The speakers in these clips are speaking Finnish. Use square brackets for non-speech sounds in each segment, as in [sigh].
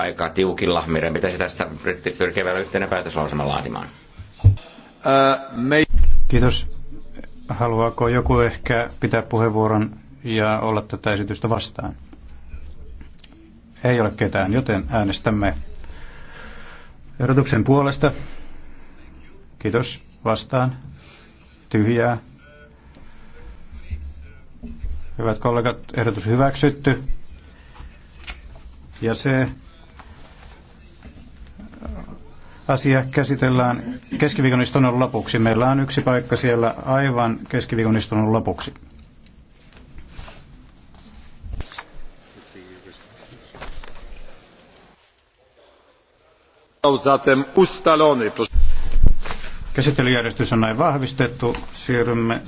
aika tiukilla. Meidän pitäisi tästä pyrkiä yhteinen päätöslausema laatimaan. Ää, me... Kiitos. Haluaako joku ehkä pitää puheenvuoron ja olla tätä esitystä vastaan? Ei ole ketään, joten äänestämme ehdotuksen puolesta. Kiitos. Vastaan. Tyhjää. Hyvät kollegat, ehdotus hyväksytty. Ja se asia käsitellään keskiviikon istunnon lopuksi. Meillä on yksi paikka siellä aivan keskiviikon istunnon lopuksi. Käsittelyjärjestys on näin vahvistettu. Siirrymme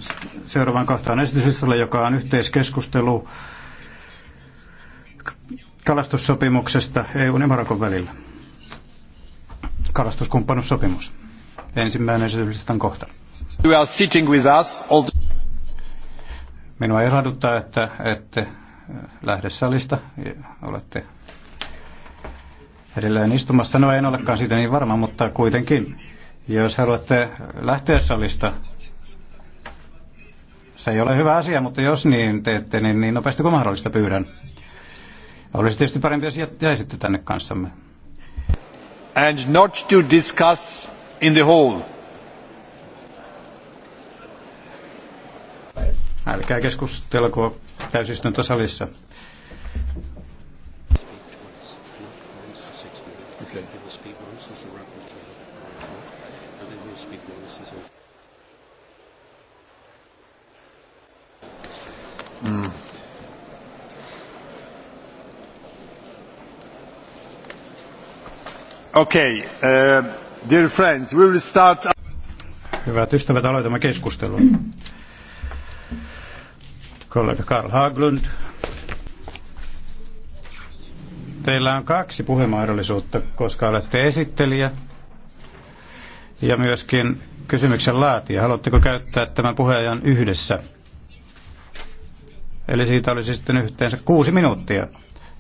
seuraavaan kohtaan esityslistalle joka on yhteiskeskustelu kalastussopimuksesta eu ja Marokon välillä kalastuskumppanuussopimus. Ensimmäinen esityslistan kohta. You are sitting with us all the... Minua ilahduttaa, että ette äh, lähde salista. Olette edelleen istumassa. No en olekaan siitä niin varma, mutta kuitenkin. Jos haluatte lähteä salista, se ei ole hyvä asia, mutta jos niin teette, niin, niin nopeasti kuin mahdollista pyydän. Olisi tietysti parempi, jos jäisitte tänne kanssamme and not to discuss in the hall. Älkää keskustelko täysistuntosalissa. Okay. Mm. Okay, uh, dear friends, we will start... Hyvät ystävät, aloitamme keskustelun. Kollega Karl Haglund, teillä on kaksi puhemahdollisuutta, koska olette esittelijä ja myöskin kysymyksen laatija. Haluatteko käyttää tämän puheajan yhdessä? Eli siitä olisi sitten yhteensä kuusi minuuttia.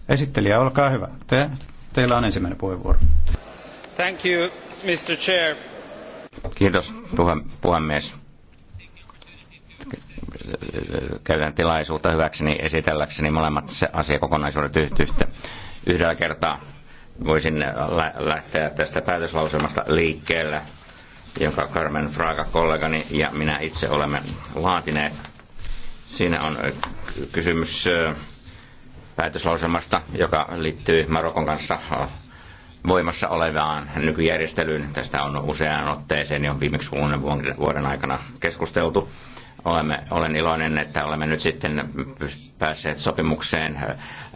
Esittelijä, olkaa hyvä. Te, teillä on ensimmäinen puheenvuoro. Thank you, Mr. Chair. Kiitos puhemies. Käytän tilaisuutta hyväkseni esitelläkseni molemmat se asiakokonaisuudet yhtä yhdellä kertaa. Voisin lä- lähteä tästä päätöslauselmasta liikkeelle, jonka Carmen Fraga kollegani ja minä itse olemme laatineet. Siinä on kysymys päätöslauselmasta, joka liittyy Marokon kanssa voimassa olevaan nykyjärjestelyyn. Tästä on useaan otteeseen jo viimeksi vuoden, vuoden aikana keskusteltu. Olemme, olen iloinen, että olemme nyt sitten päässeet sopimukseen äh,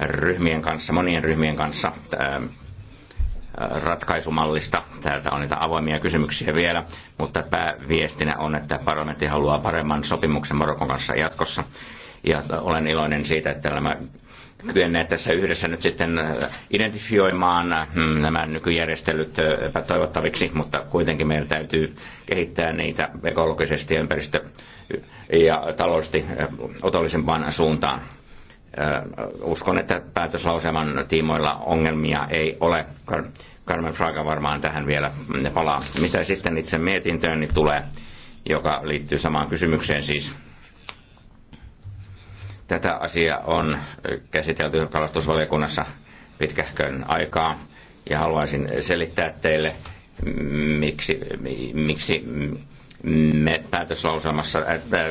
ryhmien kanssa, monien ryhmien kanssa ähm, äh, ratkaisumallista. Täältä on niitä avoimia kysymyksiä vielä, mutta pääviestinä on, että parlamentti haluaa paremman sopimuksen Marokon kanssa jatkossa. Ja olen iloinen siitä, että nämä kyenneet tässä yhdessä nyt sitten äh, identifioimaan mm, nämä nykyjärjestelyt äh, epätoivottaviksi, mutta kuitenkin meidän täytyy kehittää niitä ekologisesti ja ympäristö- ja taloudellisesti äh, otollisempaan suuntaan. Uskon, että päätöslauseman tiimoilla ongelmia ei ole. Carmen Fraga varmaan tähän vielä mm, palaa. Mitä sitten itse mietintöön niin tulee, joka liittyy samaan kysymykseen siis Tätä asiaa on käsitelty kalastusvaliokunnassa pitkähkön aikaa ja haluaisin selittää teille, miksi, miksi me päätöslauselmassa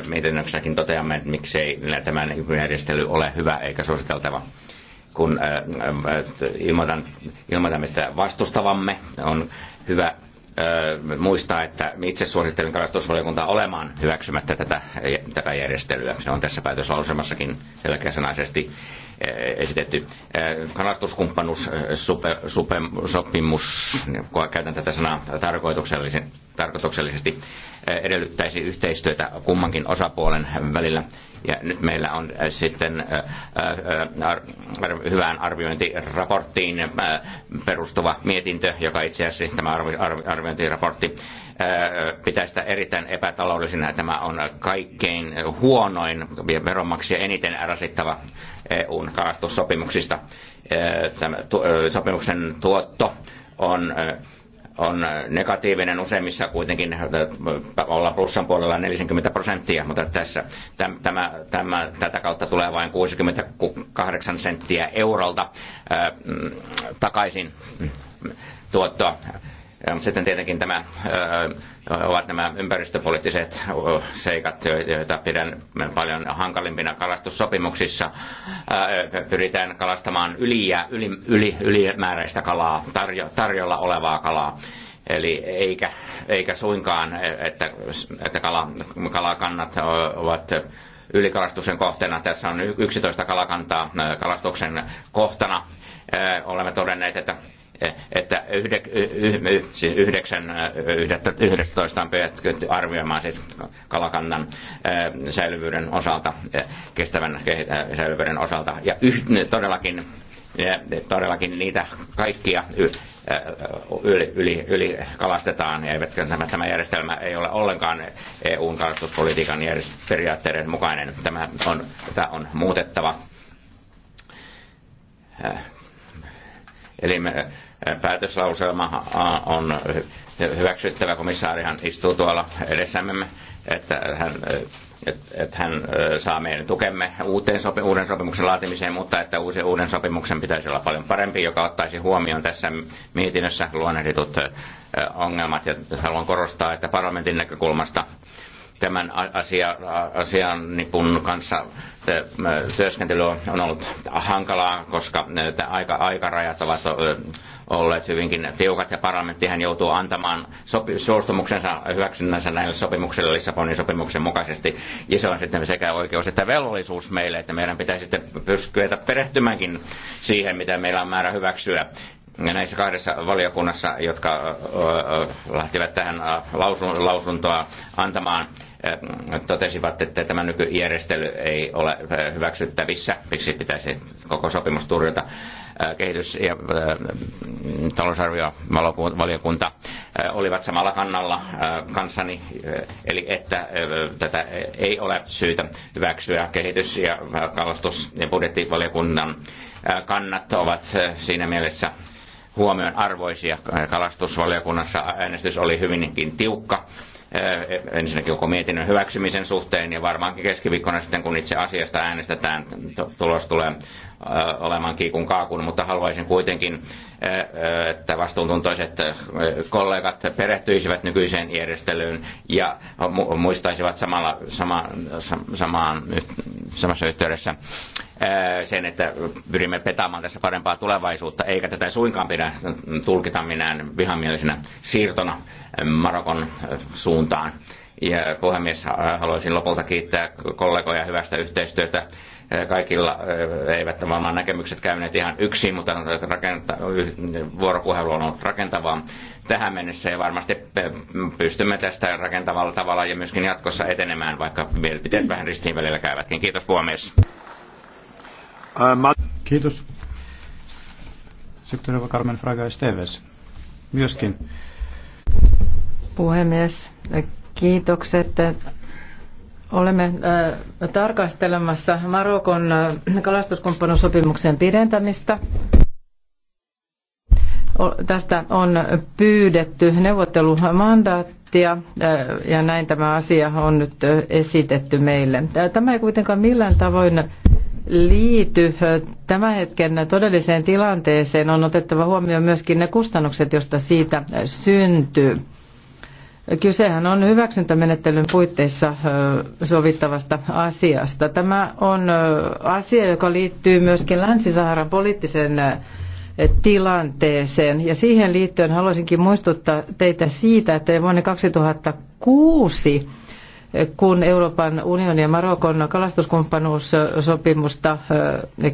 mietinnössäkin toteamme, että miksei tämä järjestely ole hyvä eikä suositeltava. Kun äh, äh, ilmoitan, ilmoitamme sitä vastustavamme, on hyvä muistaa, että itse suosittelin kalastusvaliokuntaa olemaan hyväksymättä tätä, tätä järjestelyä. Se on tässä päätöslauselmassakin selkeäsanaisesti esitetty. Kalastuskumppanuussopimus, käytän tätä sanaa tarkoituksellisesti, edellyttäisi yhteistyötä kummankin osapuolen välillä – ja nyt meillä on äh, sitten äh, äh, hyvään arviointiraporttiin perustuva mietintö, joka itse asiassa tämä arviointiraportti pitää sitä erittäin epätaloudellisena. Tämä on kaikkein huonoin ja veronmaksia eniten rasittava EUn kalastussopimuksista. Tämä sopimuksen tuotto on on negatiivinen useimmissa kuitenkin, äh, äh, ollaan plussan puolella 40 prosenttia, mutta tässä tämä, tämä, tätä kautta tulee vain 68 senttiä eurolta äh, mm, takaisin tuottoa sitten tietenkin tämä, ovat nämä ympäristöpoliittiset seikat, joita pidän paljon hankalimpina kalastussopimuksissa. Pyritään kalastamaan yliä, yli, yli, ylimääräistä kalaa, tarjo, tarjolla olevaa kalaa. Eli eikä, eikä suinkaan, e, että, että kala, kalakannat ovat ylikalastuksen kohteena. Tässä on 11 kalakantaa kalastuksen kohtana. Olemme todenneet, että että yhde, siis on pyydetty arvioimaan siis kalakannan säilyvyyden osalta, kestävän säilyvyyden osalta. Ja todellakin, todellakin niitä kaikkia yli, yli, yli kalastetaan, ja eivätkä tämä, tämä järjestelmä ei ole ollenkaan EUn kalastuspolitiikan periaatteiden mukainen. Tämä on, tämä on muutettava. Eli me, päätöslauselma äh, on hyväksyttävä. Komissaarihan istuu tuolla edessämme, että hän, äh, että hän äh, saa meidän tukemme uuteen sopi, uuden sopimuksen laatimiseen, mutta että uusi, uuden sopimuksen pitäisi olla paljon parempi, joka ottaisi huomioon tässä mietinnössä luonnehditut ongelmat. Ja haluan korostaa, että parlamentin näkökulmasta tämän asia, asian nipun kanssa työskentely on ollut hankalaa, koska aika aikarajat ovat olleet hyvinkin tiukat ja parlamenttihan joutuu antamaan sopi- suostumuksensa hyväksynnänsä näille sopimuksille Lissabonin sopimuksen mukaisesti. Ja se on sitten sekä oikeus että velvollisuus meille, että meidän pitää sitten pystyä perehtymäänkin siihen, mitä meillä on määrä hyväksyä näissä kahdessa valiokunnassa, jotka lähtivät tähän lausuntoa antamaan, totesivat, että tämä nykyjärjestely ei ole hyväksyttävissä, miksi pitäisi koko sopimus turjota kehitys- ja talousarviovaliokunta olivat samalla kannalla kanssani, eli että tätä ei ole syytä hyväksyä kehitys- ja kalastus- ja budjettivaliokunnan kannat ovat siinä mielessä huomion arvoisia. Kalastusvaliokunnassa äänestys oli hyvinkin tiukka Äh, ensinnäkin koko mietinnön hyväksymisen suhteen ja varmaankin keskiviikkona sitten, kun itse asiasta äänestetään, tulos tulee äh, olemaan kiikun kaakun, mutta haluaisin kuitenkin, äh, että vastuuntuntoiset kollegat perehtyisivät nykyiseen järjestelyyn ja muistaisivat samalla, sama, samaan, samassa yhteydessä sen, että pyrimme petaamaan tässä parempaa tulevaisuutta, eikä tätä suinkaan pidä tulkita minään vihamielisenä siirtona Marokon suuntaan. Ja puhemies, haluaisin lopulta kiittää kollegoja hyvästä yhteistyötä. Kaikilla eivät varmaan näkemykset käyneet ihan yksin, mutta rakenta- vuoropuhelu on ollut rakentavaa tähän mennessä ja varmasti pystymme tästä rakentavalla tavalla ja myöskin jatkossa etenemään, vaikka mielipiteet vähän ristiin välillä käyvätkin. Kiitos puhemies. Äh, Kiitos. Sitten Rova Carmen Fraga Esteves. Myöskin. Puhemies, kiitokset. Olemme äh, tarkastelemassa Marokon äh, kalastuskumppanuussopimuksen pidentämistä. Tästä on pyydetty neuvottelumandaattia ja näin tämä asia on nyt esitetty meille. Tämä ei kuitenkaan millään tavoin liity tämän hetken todelliseen tilanteeseen, on otettava huomioon myöskin ne kustannukset, joista siitä syntyy. Kysehän on hyväksyntämenettelyn puitteissa sovittavasta asiasta. Tämä on asia, joka liittyy myöskin Länsi-Saharan poliittiseen tilanteeseen. Ja siihen liittyen haluaisinkin muistuttaa teitä siitä, että vuonna 2006 kun Euroopan unionin ja Marokon kalastuskumppanuussopimusta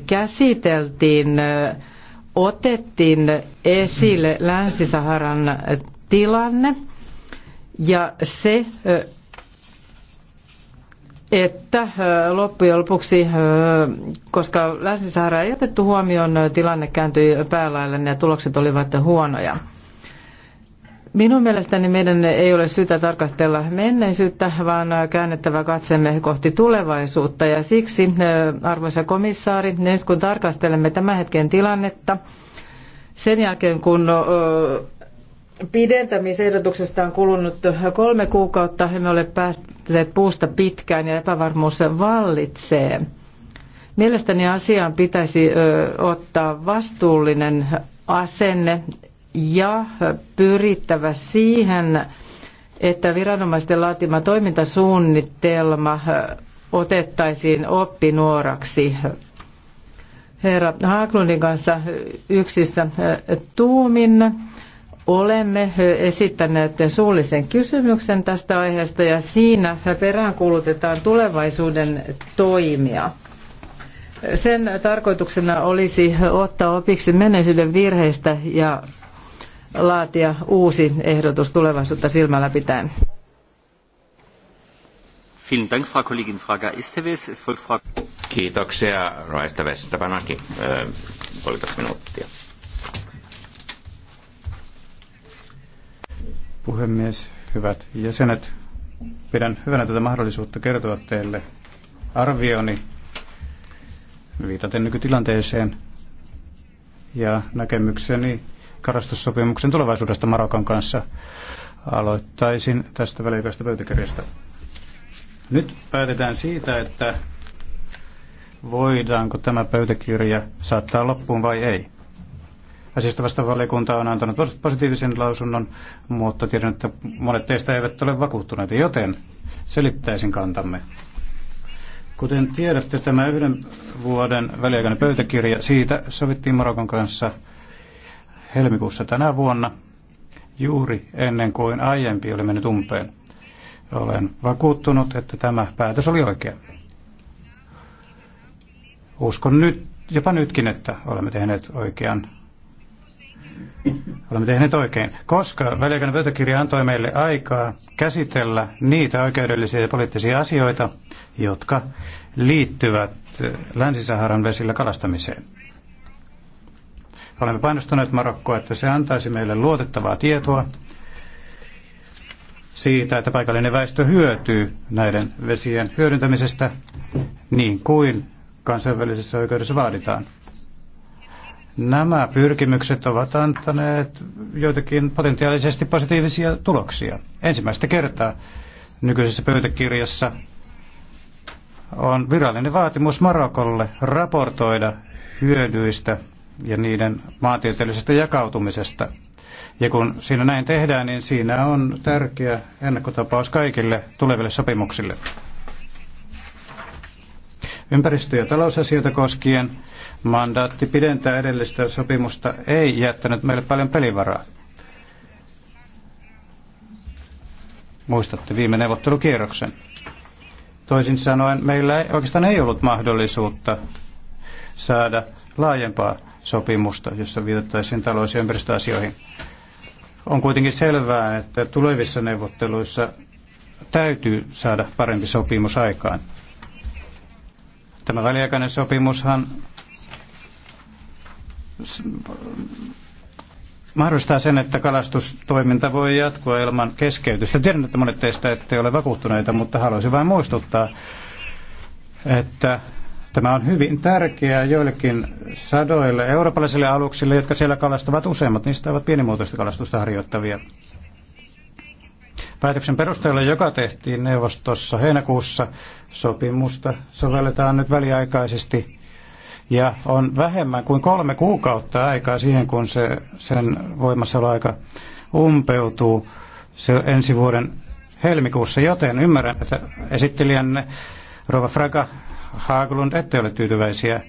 käsiteltiin, otettiin esille Länsi-Saharan tilanne ja se, että loppujen lopuksi, koska Länsi-Sahara ei otettu huomioon, tilanne kääntyi päälailleen ja tulokset olivat huonoja. Minun mielestäni meidän ei ole syytä tarkastella menneisyyttä, vaan käännettävä katsemme kohti tulevaisuutta. Ja siksi, arvoisa komissaari, nyt kun tarkastelemme tämän hetken tilannetta, sen jälkeen kun pidentämisehdotuksesta on kulunut kolme kuukautta, emme ole päässeet puusta pitkään ja epävarmuus vallitsee. Mielestäni asiaan pitäisi ottaa vastuullinen asenne ja pyrittävä siihen, että viranomaisten laatima toimintasuunnitelma otettaisiin oppinuoraksi. Herra Haaklundin kanssa yksissä tuumin olemme esittäneet suullisen kysymyksen tästä aiheesta ja siinä peräänkuulutetaan tulevaisuuden toimia. Sen tarkoituksena olisi ottaa opiksi menneisyyden virheistä ja laatia uusi ehdotus tulevaisuutta silmällä pitäen. Kiitoksia, Raista Vestapanaki. Puolitoista minuuttia. Puhemies, hyvät jäsenet, pidän hyvänä tätä mahdollisuutta kertoa teille arvioni viitaten nykytilanteeseen ja näkemykseni kalastussopimuksen tulevaisuudesta Marokon kanssa. Aloittaisin tästä väliaikaisesta pöytäkirjasta. Nyt päätetään siitä, että voidaanko tämä pöytäkirja saattaa loppuun vai ei. Asiasta vasta valiokunta on antanut positiivisen lausunnon, mutta tiedän, että monet teistä eivät ole vakuuttuneita, joten selittäisin kantamme. Kuten tiedätte, tämä yhden vuoden väliaikainen pöytäkirja, siitä sovittiin Marokon kanssa helmikuussa tänä vuonna, juuri ennen kuin aiempi oli mennyt umpeen. Olen vakuuttunut, että tämä päätös oli oikea. Uskon nyt, jopa nytkin, että olemme tehneet oikean Olemme tehneet oikein, koska väliaikainen pöytäkirja antoi meille aikaa käsitellä niitä oikeudellisia ja poliittisia asioita, jotka liittyvät Länsi-Saharan vesillä kalastamiseen. Olemme painostaneet Marokkoa, että se antaisi meille luotettavaa tietoa siitä, että paikallinen väestö hyötyy näiden vesien hyödyntämisestä niin kuin kansainvälisessä oikeudessa vaaditaan. Nämä pyrkimykset ovat antaneet joitakin potentiaalisesti positiivisia tuloksia. Ensimmäistä kertaa nykyisessä pöytäkirjassa on virallinen vaatimus Marokolle raportoida hyödyistä ja niiden maantieteellisestä jakautumisesta. Ja kun siinä näin tehdään, niin siinä on tärkeä ennakkotapaus kaikille tuleville sopimuksille. Ympäristö- ja talousasioita koskien mandaatti pidentää edellistä sopimusta ei jättänyt meille paljon pelivaraa. Muistatte viime neuvottelukierroksen. Toisin sanoen, meillä ei, oikeastaan ei ollut mahdollisuutta saada laajempaa sopimusta, jossa viitattaisiin talous- ja ympäristöasioihin. On kuitenkin selvää, että tulevissa neuvotteluissa täytyy saada parempi sopimus aikaan. Tämä väliaikainen sopimushan mahdollistaa sen, että kalastustoiminta voi jatkua ilman keskeytystä. Tiedän, että monet teistä ette ole vakuuttuneita, mutta haluaisin vain muistuttaa, että Tämä on hyvin tärkeää joillekin sadoille eurooppalaisille aluksille, jotka siellä kalastavat useimmat. Niistä ovat pienimuotoista kalastusta harjoittavia. Päätöksen perusteella, joka tehtiin neuvostossa heinäkuussa, sopimusta sovelletaan nyt väliaikaisesti ja on vähemmän kuin kolme kuukautta aikaa siihen, kun se, sen voimassaoloaika umpeutuu se ensi vuoden helmikuussa, joten ymmärrän, että esittelijänne Rova Fraga Haaglund, ette ole tyytyväisiä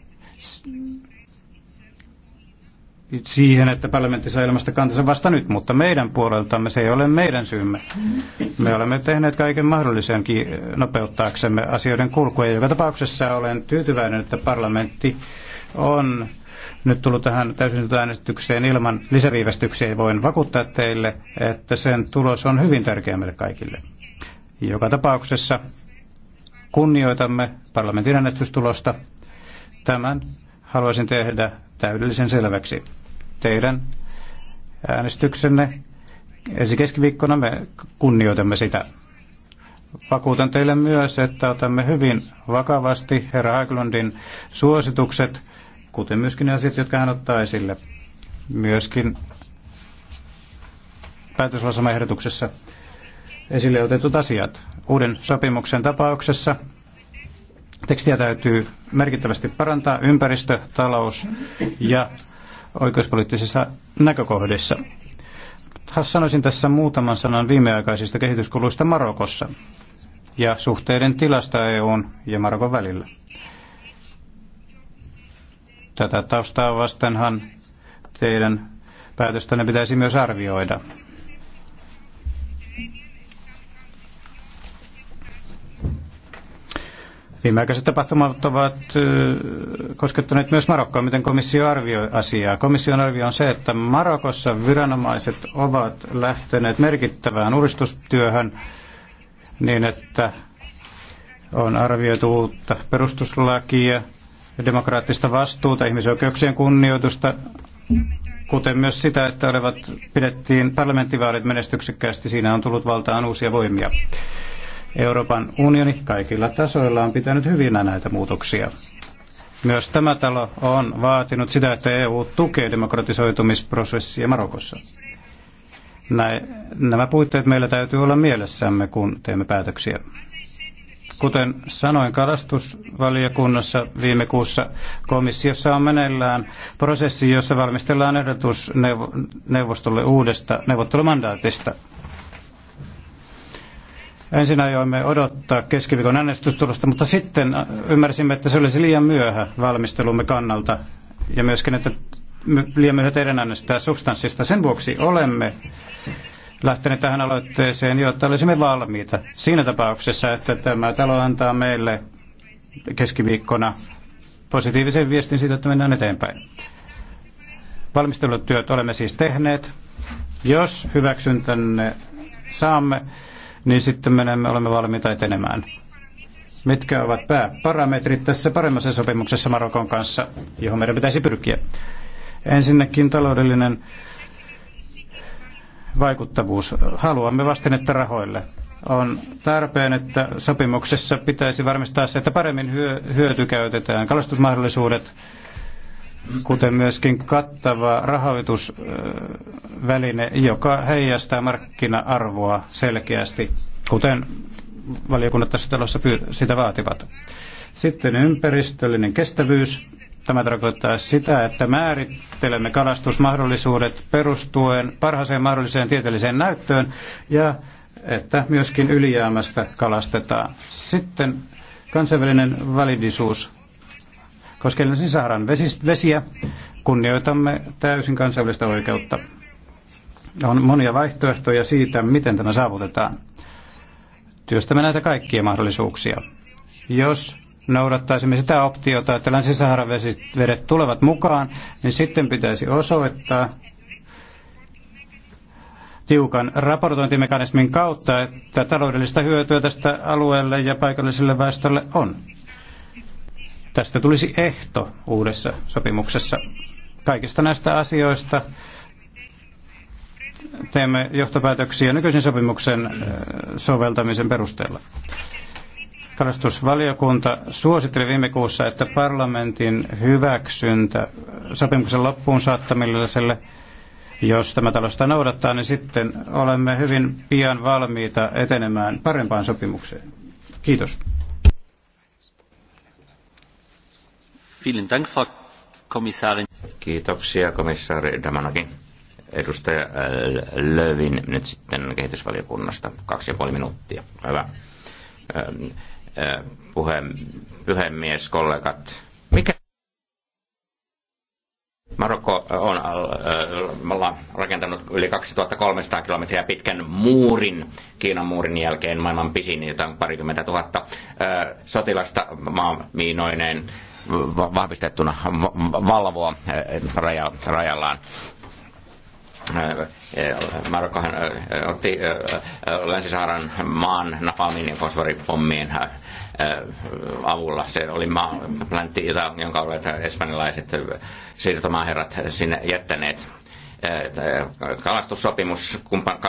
siihen, että parlamentti saa ilmasta kantansa vasta nyt, mutta meidän puoleltamme se ei ole meidän syymme. Me olemme tehneet kaiken mahdollisen nopeuttaaksemme asioiden kulkua. Joka tapauksessa olen tyytyväinen, että parlamentti on nyt tullut tähän täysin ilman lisäviivästyksiä. Voin vakuuttaa teille, että sen tulos on hyvin tärkeä meille kaikille. Joka tapauksessa kunnioitamme parlamentin äänestystulosta. Tämän haluaisin tehdä täydellisen selväksi. Teidän äänestyksenne ensi keskiviikkona me kunnioitamme sitä. Vakuutan teille myös, että otamme hyvin vakavasti herra Haglundin suositukset, kuten myöskin ne asiat, jotka hän ottaa esille. Myöskin päätöslausumaehdotuksessa esille otetut asiat. Uuden sopimuksen tapauksessa tekstiä täytyy merkittävästi parantaa ympäristö-, talous- ja oikeuspoliittisissa näkökohdissa. Sanoisin tässä muutaman sanan viimeaikaisista kehityskuluista Marokossa ja suhteiden tilasta EUn ja Marokon välillä. Tätä taustaa vastenhan teidän päätöstänne pitäisi myös arvioida. Viimeaikaiset tapahtumat ovat koskettaneet myös Marokkoa, miten komissio arvioi asiaa. Komission arvio on se, että Marokossa viranomaiset ovat lähteneet merkittävään uudistustyöhön niin, että on arvioitu uutta perustuslakia, demokraattista vastuuta, ihmisoikeuksien kunnioitusta, kuten myös sitä, että olevat, pidettiin parlamenttivaalit menestyksekkäästi. Siinä on tullut valtaan uusia voimia. Euroopan unioni kaikilla tasoilla on pitänyt hyvinä näitä muutoksia. Myös tämä talo on vaatinut sitä, että EU tukee demokratisoitumisprosessia Marokossa. nämä puitteet meillä täytyy olla mielessämme, kun teemme päätöksiä. Kuten sanoin kalastusvaliokunnassa viime kuussa, komissiossa on meneillään prosessi, jossa valmistellaan ehdotus neuvostolle uudesta neuvottelumandaatista. Ensin ajoimme odottaa keskiviikon äänestystulosta, mutta sitten ymmärsimme, että se olisi liian myöhä valmistelumme kannalta ja myöskin, että liian myöhä teidän äänestää substanssista. Sen vuoksi olemme lähteneet tähän aloitteeseen, jotta olisimme valmiita siinä tapauksessa, että tämä talo antaa meille keskiviikkona positiivisen viestin siitä, että mennään eteenpäin. Valmistelutyöt olemme siis tehneet. Jos hyväksyntänne saamme, niin sitten menemme, olemme valmiita etenemään. Mitkä ovat pääparametrit tässä paremmassa sopimuksessa Marokon kanssa, johon meidän pitäisi pyrkiä? Ensinnäkin taloudellinen vaikuttavuus. Haluamme vastinetta rahoille. On tarpeen, että sopimuksessa pitäisi varmistaa se, että paremmin hyö, käytetään kalastusmahdollisuudet, kuten myöskin kattava rahoitusväline, joka heijastaa markkina-arvoa selkeästi, kuten valiokunnat tässä talossa sitä vaativat. Sitten ympäristöllinen kestävyys. Tämä tarkoittaa sitä, että määrittelemme kalastusmahdollisuudet perustuen parhaaseen mahdolliseen tieteelliseen näyttöön ja että myöskin ylijäämästä kalastetaan. Sitten kansainvälinen validisuus koskee Länsin Saharan siis vesiä, kunnioitamme täysin kansainvälistä oikeutta. On monia vaihtoehtoja siitä, miten tämä saavutetaan. Työstämme näitä kaikkia mahdollisuuksia. Jos noudattaisimme sitä optiota, että länsi vedet tulevat mukaan, niin sitten pitäisi osoittaa tiukan raportointimekanismin kautta, että taloudellista hyötyä tästä alueelle ja paikalliselle väestölle on. Tästä tulisi ehto uudessa sopimuksessa. Kaikista näistä asioista teemme johtopäätöksiä nykyisen sopimuksen soveltamisen perusteella. Kalastusvaliokunta suositteli viime kuussa, että parlamentin hyväksyntä sopimuksen loppuun saattamiselle, jos tämä talosta noudattaa, niin sitten olemme hyvin pian valmiita etenemään parempaan sopimukseen. Kiitos. Kiitoksia komissaari Damanakin. Edustaja äh, Lövin nyt sitten kehitysvaliokunnasta. Kaksi ja puoli minuuttia. Hyvä. Ähm, äh, puhe, puhemies, kollegat. Mikä Marokko on äh, rakentanut yli 2300 kilometriä pitkän muurin, Kiinan muurin jälkeen maailman pisin, jota on parikymmentä tuhatta sotilasta maamiinoineen vahvistettuna valvoa rajallaan. Marokkohan otti Länsi-Saharan maan napalmin ja fosforipommien eh, eh, avulla. Se oli maa, plantti, jonka olivat espanjalaiset eh, siirtomaaherrat sinne jättäneet Äh, äh, kalastussopimus,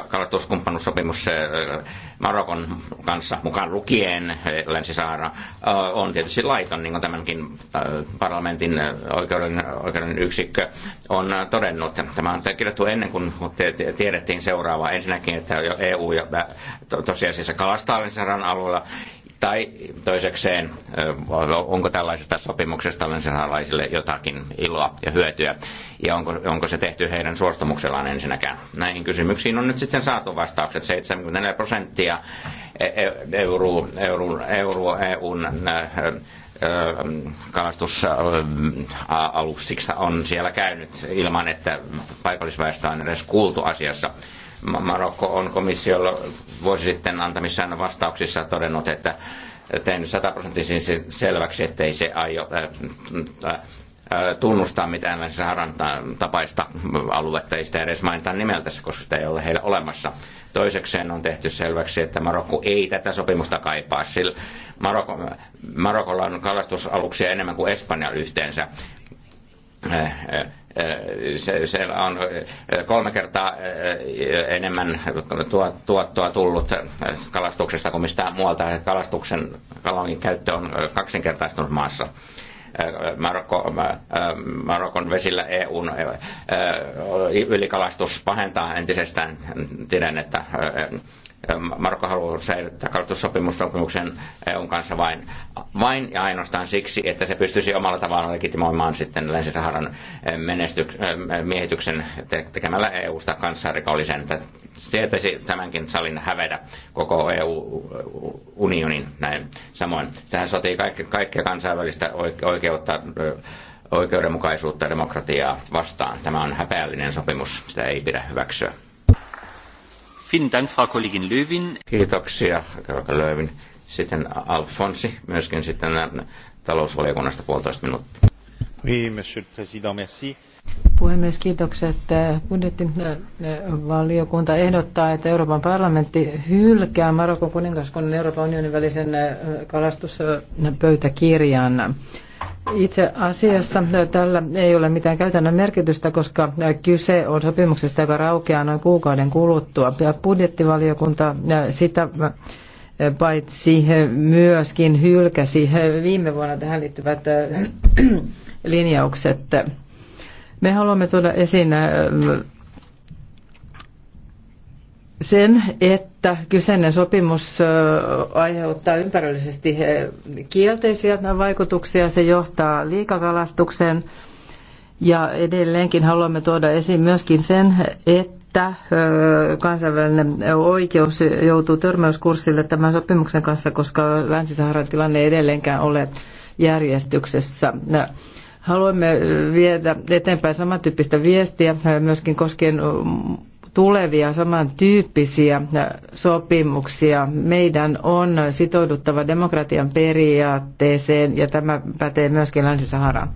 kalastuskumppanuussopimus äh, Marokon kanssa mukaan lukien Länsisaara on tietysti laiton, niin kuin tämänkin parlamentin oikeuden, oikeuden yksikkö on todennut. Tämä on kirjattu ennen kuin tiedettiin seuraavaa. Ensinnäkin, että EU tosiasiassa kalastaa Länsisaaran alueella tai toisekseen, onko tällaisesta sopimuksesta länsinalaisille jotakin iloa ja hyötyä, ja onko, onko se tehty heidän suostumuksellaan ensinnäkään? Näihin kysymyksiin on nyt sitten saatu vastaukset. 74 prosenttia e, e, euro, euro, euro, EUn kalastusaluksista on siellä käynyt ilman, että paikallisväestö on edes kuultu asiassa. Marokko on komissiolla vuosi sitten antamissaan vastauksissa todennut, että tein sataprosenttisen selväksi, ettei se aio äh, äh, äh, tunnustaa mitään Saharan tapaista aluetta, ei sitä edes mainita nimeltä, koska sitä ei ole heillä olemassa. Toisekseen on tehty selväksi, että Marokko ei tätä sopimusta kaipaa, sillä Marokko, Marokolla on kalastusaluksia enemmän kuin Espanja yhteensä se, se on kolme kertaa enemmän tuottoa tullut kalastuksesta kuin mistään muualta. Kalastuksen kalongin käyttö on kaksinkertaistunut maassa. Marokko, Marokon vesillä EUn ylikalastus pahentaa entisestään tilannetta Marokko haluaa säilyttää kalastussopimuksen EUn kanssa vain, vain ja ainoastaan siksi, että se pystyisi omalla tavallaan legitimoimaan sitten Länsi-Saharan miehityksen tekemällä EUsta kanssarikollisen. Tietäisi tämänkin salin hävedä koko EU-unionin näin samoin. Tähän sotii kaikki, kaikkea kansainvälistä oikeutta oikeudenmukaisuutta ja demokratiaa vastaan. Tämä on häpeällinen sopimus, sitä ei pidä hyväksyä. Kiitoksia, Lövin. Sitten Alfonsi, myöskin sitten talousvaliokunnasta puolitoista minuuttia. Oui, monsieur le président, merci. Puhemies, kiitokset. Budjettivaliokunta ehdottaa, että Euroopan parlamentti hylkää Marokon kuningaskunnan Euroopan unionin välisen kalastuspöytäkirjan. Itse asiassa tällä ei ole mitään käytännön merkitystä, koska kyse on sopimuksesta, joka raukeaa noin kuukauden kuluttua. Budjettivaliokunta sitä paitsi myöskin hylkäsi viime vuonna tähän liittyvät [clears throat] linjaukset. Me haluamme tuoda esiin sen, että kyseinen sopimus aiheuttaa ympärillisesti kielteisiä vaikutuksia. Se johtaa liikakalastukseen ja edelleenkin haluamme tuoda esiin myöskin sen, että kansainvälinen oikeus joutuu törmäyskurssille tämän sopimuksen kanssa, koska Länsi-Saharan tilanne ei edelleenkään ole järjestyksessä. Haluamme viedä eteenpäin samantyyppistä viestiä myöskin koskien tulevia samantyyppisiä äh, sopimuksia. Meidän on sitouduttava demokratian periaatteeseen ja tämä pätee myöskin Länsi-Saharaan.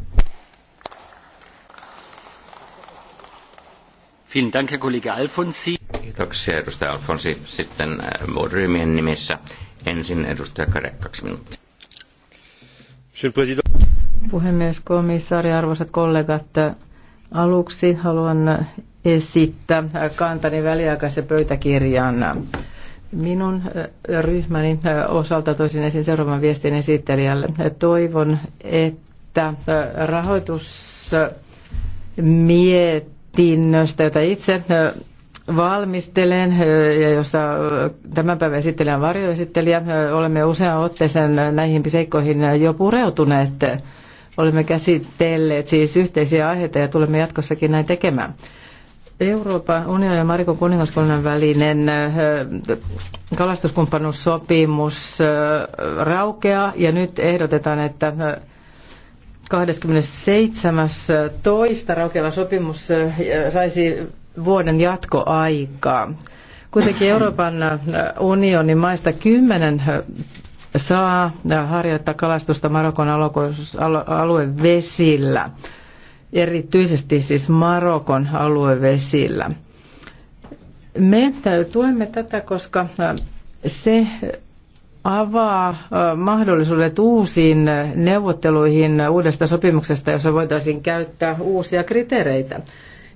Kiitoksia edustaja Alfonsi. Sitten äh, ryhmien nimissä ensin edustaja Kare, kaksi minuuttia. Puhemies, komissaari, arvoisat kollegat, äh, aluksi haluan esittää kantani väliaikaisen pöytäkirjan. Minun äh, ryhmäni äh, osalta toisin esiin seuraavan viestin esittelijälle. Toivon, että äh, rahoitusmietinnöstä, jota itse valmistelen ja jossa tämän päivän esittelijän varjoesittelijä, olemme usean otteeseen näihin seikkoihin jo pureutuneet. Olemme käsitelleet siis yhteisiä aiheita ja tulemme jatkossakin näin tekemään. Euroopan unionin ja Marikon kuningaskunnan välinen kalastuskumppanuussopimus raukeaa ja nyt ehdotetaan, että 27.2. raukeava sopimus saisi vuoden jatkoaikaa. Kuitenkin Euroopan unionin maista kymmenen saa harjoittaa kalastusta Marokon alueen vesillä erityisesti siis Marokon aluevesillä. Me tuemme tätä, koska se avaa mahdollisuudet uusiin neuvotteluihin uudesta sopimuksesta, jossa voitaisiin käyttää uusia kriteereitä.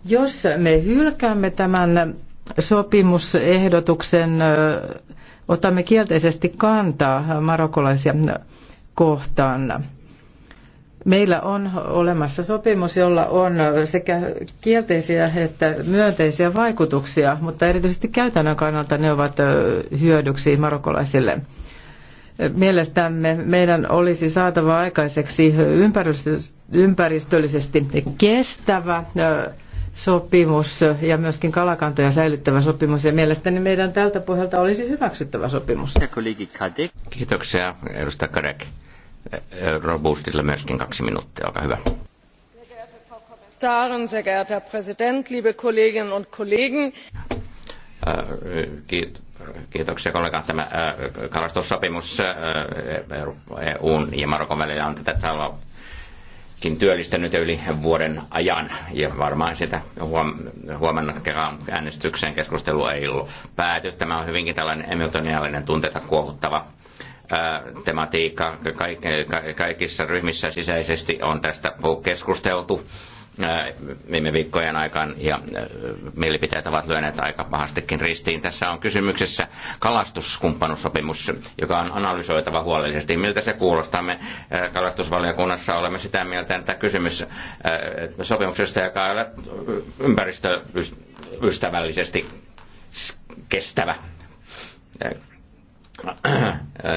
Jos me hylkäämme tämän sopimusehdotuksen, otamme kielteisesti kantaa marokolaisia kohtaan. Meillä on olemassa sopimus, jolla on sekä kielteisiä että myönteisiä vaikutuksia, mutta erityisesti käytännön kannalta ne ovat hyödyksi marokkolaisille. Mielestämme meidän olisi saatava aikaiseksi ympäristöllisesti kestävä sopimus ja myöskin kalakantoja säilyttävä sopimus. Ja mielestäni meidän tältä pohjalta olisi hyväksyttävä sopimus. Kiitoksia, edustaja Kadek. Robustille myöskin kaksi minuuttia, olkaa hyvä. Sehr geehrter Herr Präsident, liebe Kolleginnen und Kollegen. Äh, kiitoksia kollega. Tämä äh, kalastussopimus äh, EUn e ja Marokon välillä on tätä taloakin työllistänyt yli vuoden ajan. Ja varmaan sitä huom- kerran äänestykseen keskustelu ei ollut pääty. Tämä on hyvinkin tällainen emotionaalinen tunteita kuohuttava tematiikka kaikissa ryhmissä sisäisesti on tästä keskusteltu viime viikkojen aikaan ja mielipiteet ovat lyöneet aika pahastikin ristiin. Tässä on kysymyksessä kalastuskumppanussopimus, joka on analysoitava huolellisesti. Miltä se kuulostaa? Me kalastusvaliokunnassa olemme sitä mieltä, että kysymys sopimuksesta, joka ei ole ympäristöystävällisesti kestävä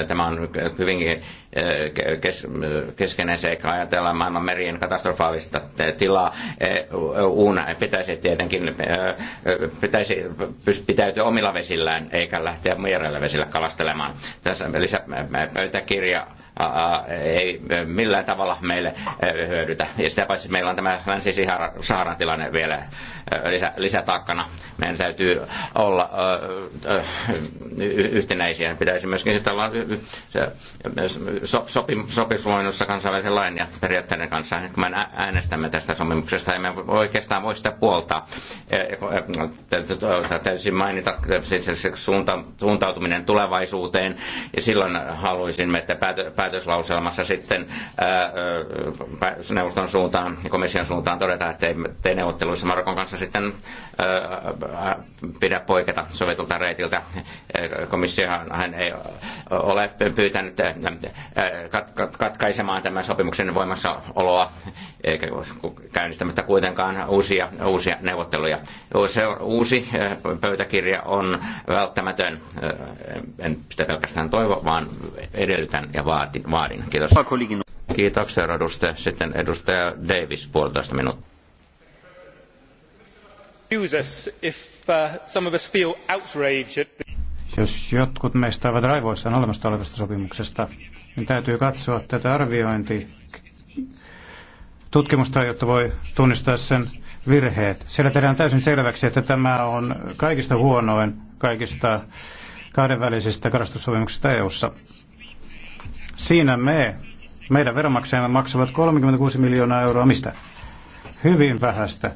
Tämä on hyvinkin äh, keskeinen seikka ajatella maailman merien katastrofaalista tilaa. Äh, uuna pitäisi tietenkin äh, pitäisi pitäytyä omilla vesillään eikä lähteä miereillä vesillä kalastelemaan. Tässä lisäpöytäkirja ei millään tavalla meille hyödytä. Ja sitä paitsi meillä on tämä Länsi-Saharan tilanne vielä lisä, lisätaakkana. Meidän täytyy olla yhtenäisiä. Pitäisi myöskin sitten olla sopimusvoinnussa kansainvälisen lain ja periaatteiden kanssa. Kun me äänestämme tästä sopimuksesta, emme oikeastaan voi sitä puoltaa. Täytyy mainita suuntautuminen tulevaisuuteen, ja silloin haluaisimme, että päätö, päätöslauselmassa sitten neuvoston suuntaan ja komission suuntaan todetaan, että ei neuvotteluissa Marokon kanssa sitten pidä poiketa sovitulta reitiltä. Komissiohan ei ole pyytänyt katkaisemaan tämän sopimuksen voimassaoloa eikä käynnistämättä kuitenkaan uusia, uusia neuvotteluja. Se uusi pöytäkirja on välttämätön. En sitä pelkästään toivo, vaan edellytän ja vaatin vaadin. Kiitos. Kiitoksia, edustaja. Sitten edustaja Davis, puolitoista minuuttia. Uh, Jos jotkut meistä ovat raivoissaan olemasta olevasta sopimuksesta, niin täytyy katsoa tätä arviointi tutkimusta, jotta voi tunnistaa sen virheet. Siellä tehdään täysin selväksi, että tämä on kaikista huonoin kaikista kahdenvälisistä karastussopimuksista EU-ssa. Siinä me, meidän veronmaksajamme maksavat 36 miljoonaa euroa mistä? Hyvin vähästä.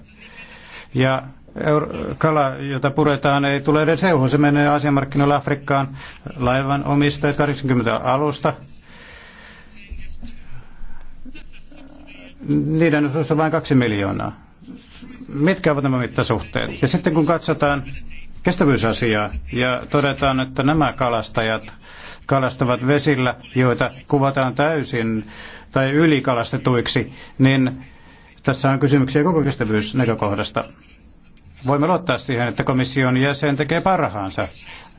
Ja euro, kala, jota puretaan, ei tule edes eu Se menee asiamarkkinoilla Afrikkaan. Laivan omistajat 80 alusta. Niiden osuus on vain kaksi miljoonaa. Mitkä ovat nämä mittasuhteet? Ja sitten kun katsotaan kestävyysasiaa ja todetaan, että nämä kalastajat kalastavat vesillä, joita kuvataan täysin tai ylikalastetuiksi, niin tässä on kysymyksiä koko kestävyysnäkökohdasta. Voimme luottaa siihen, että komission jäsen tekee parhaansa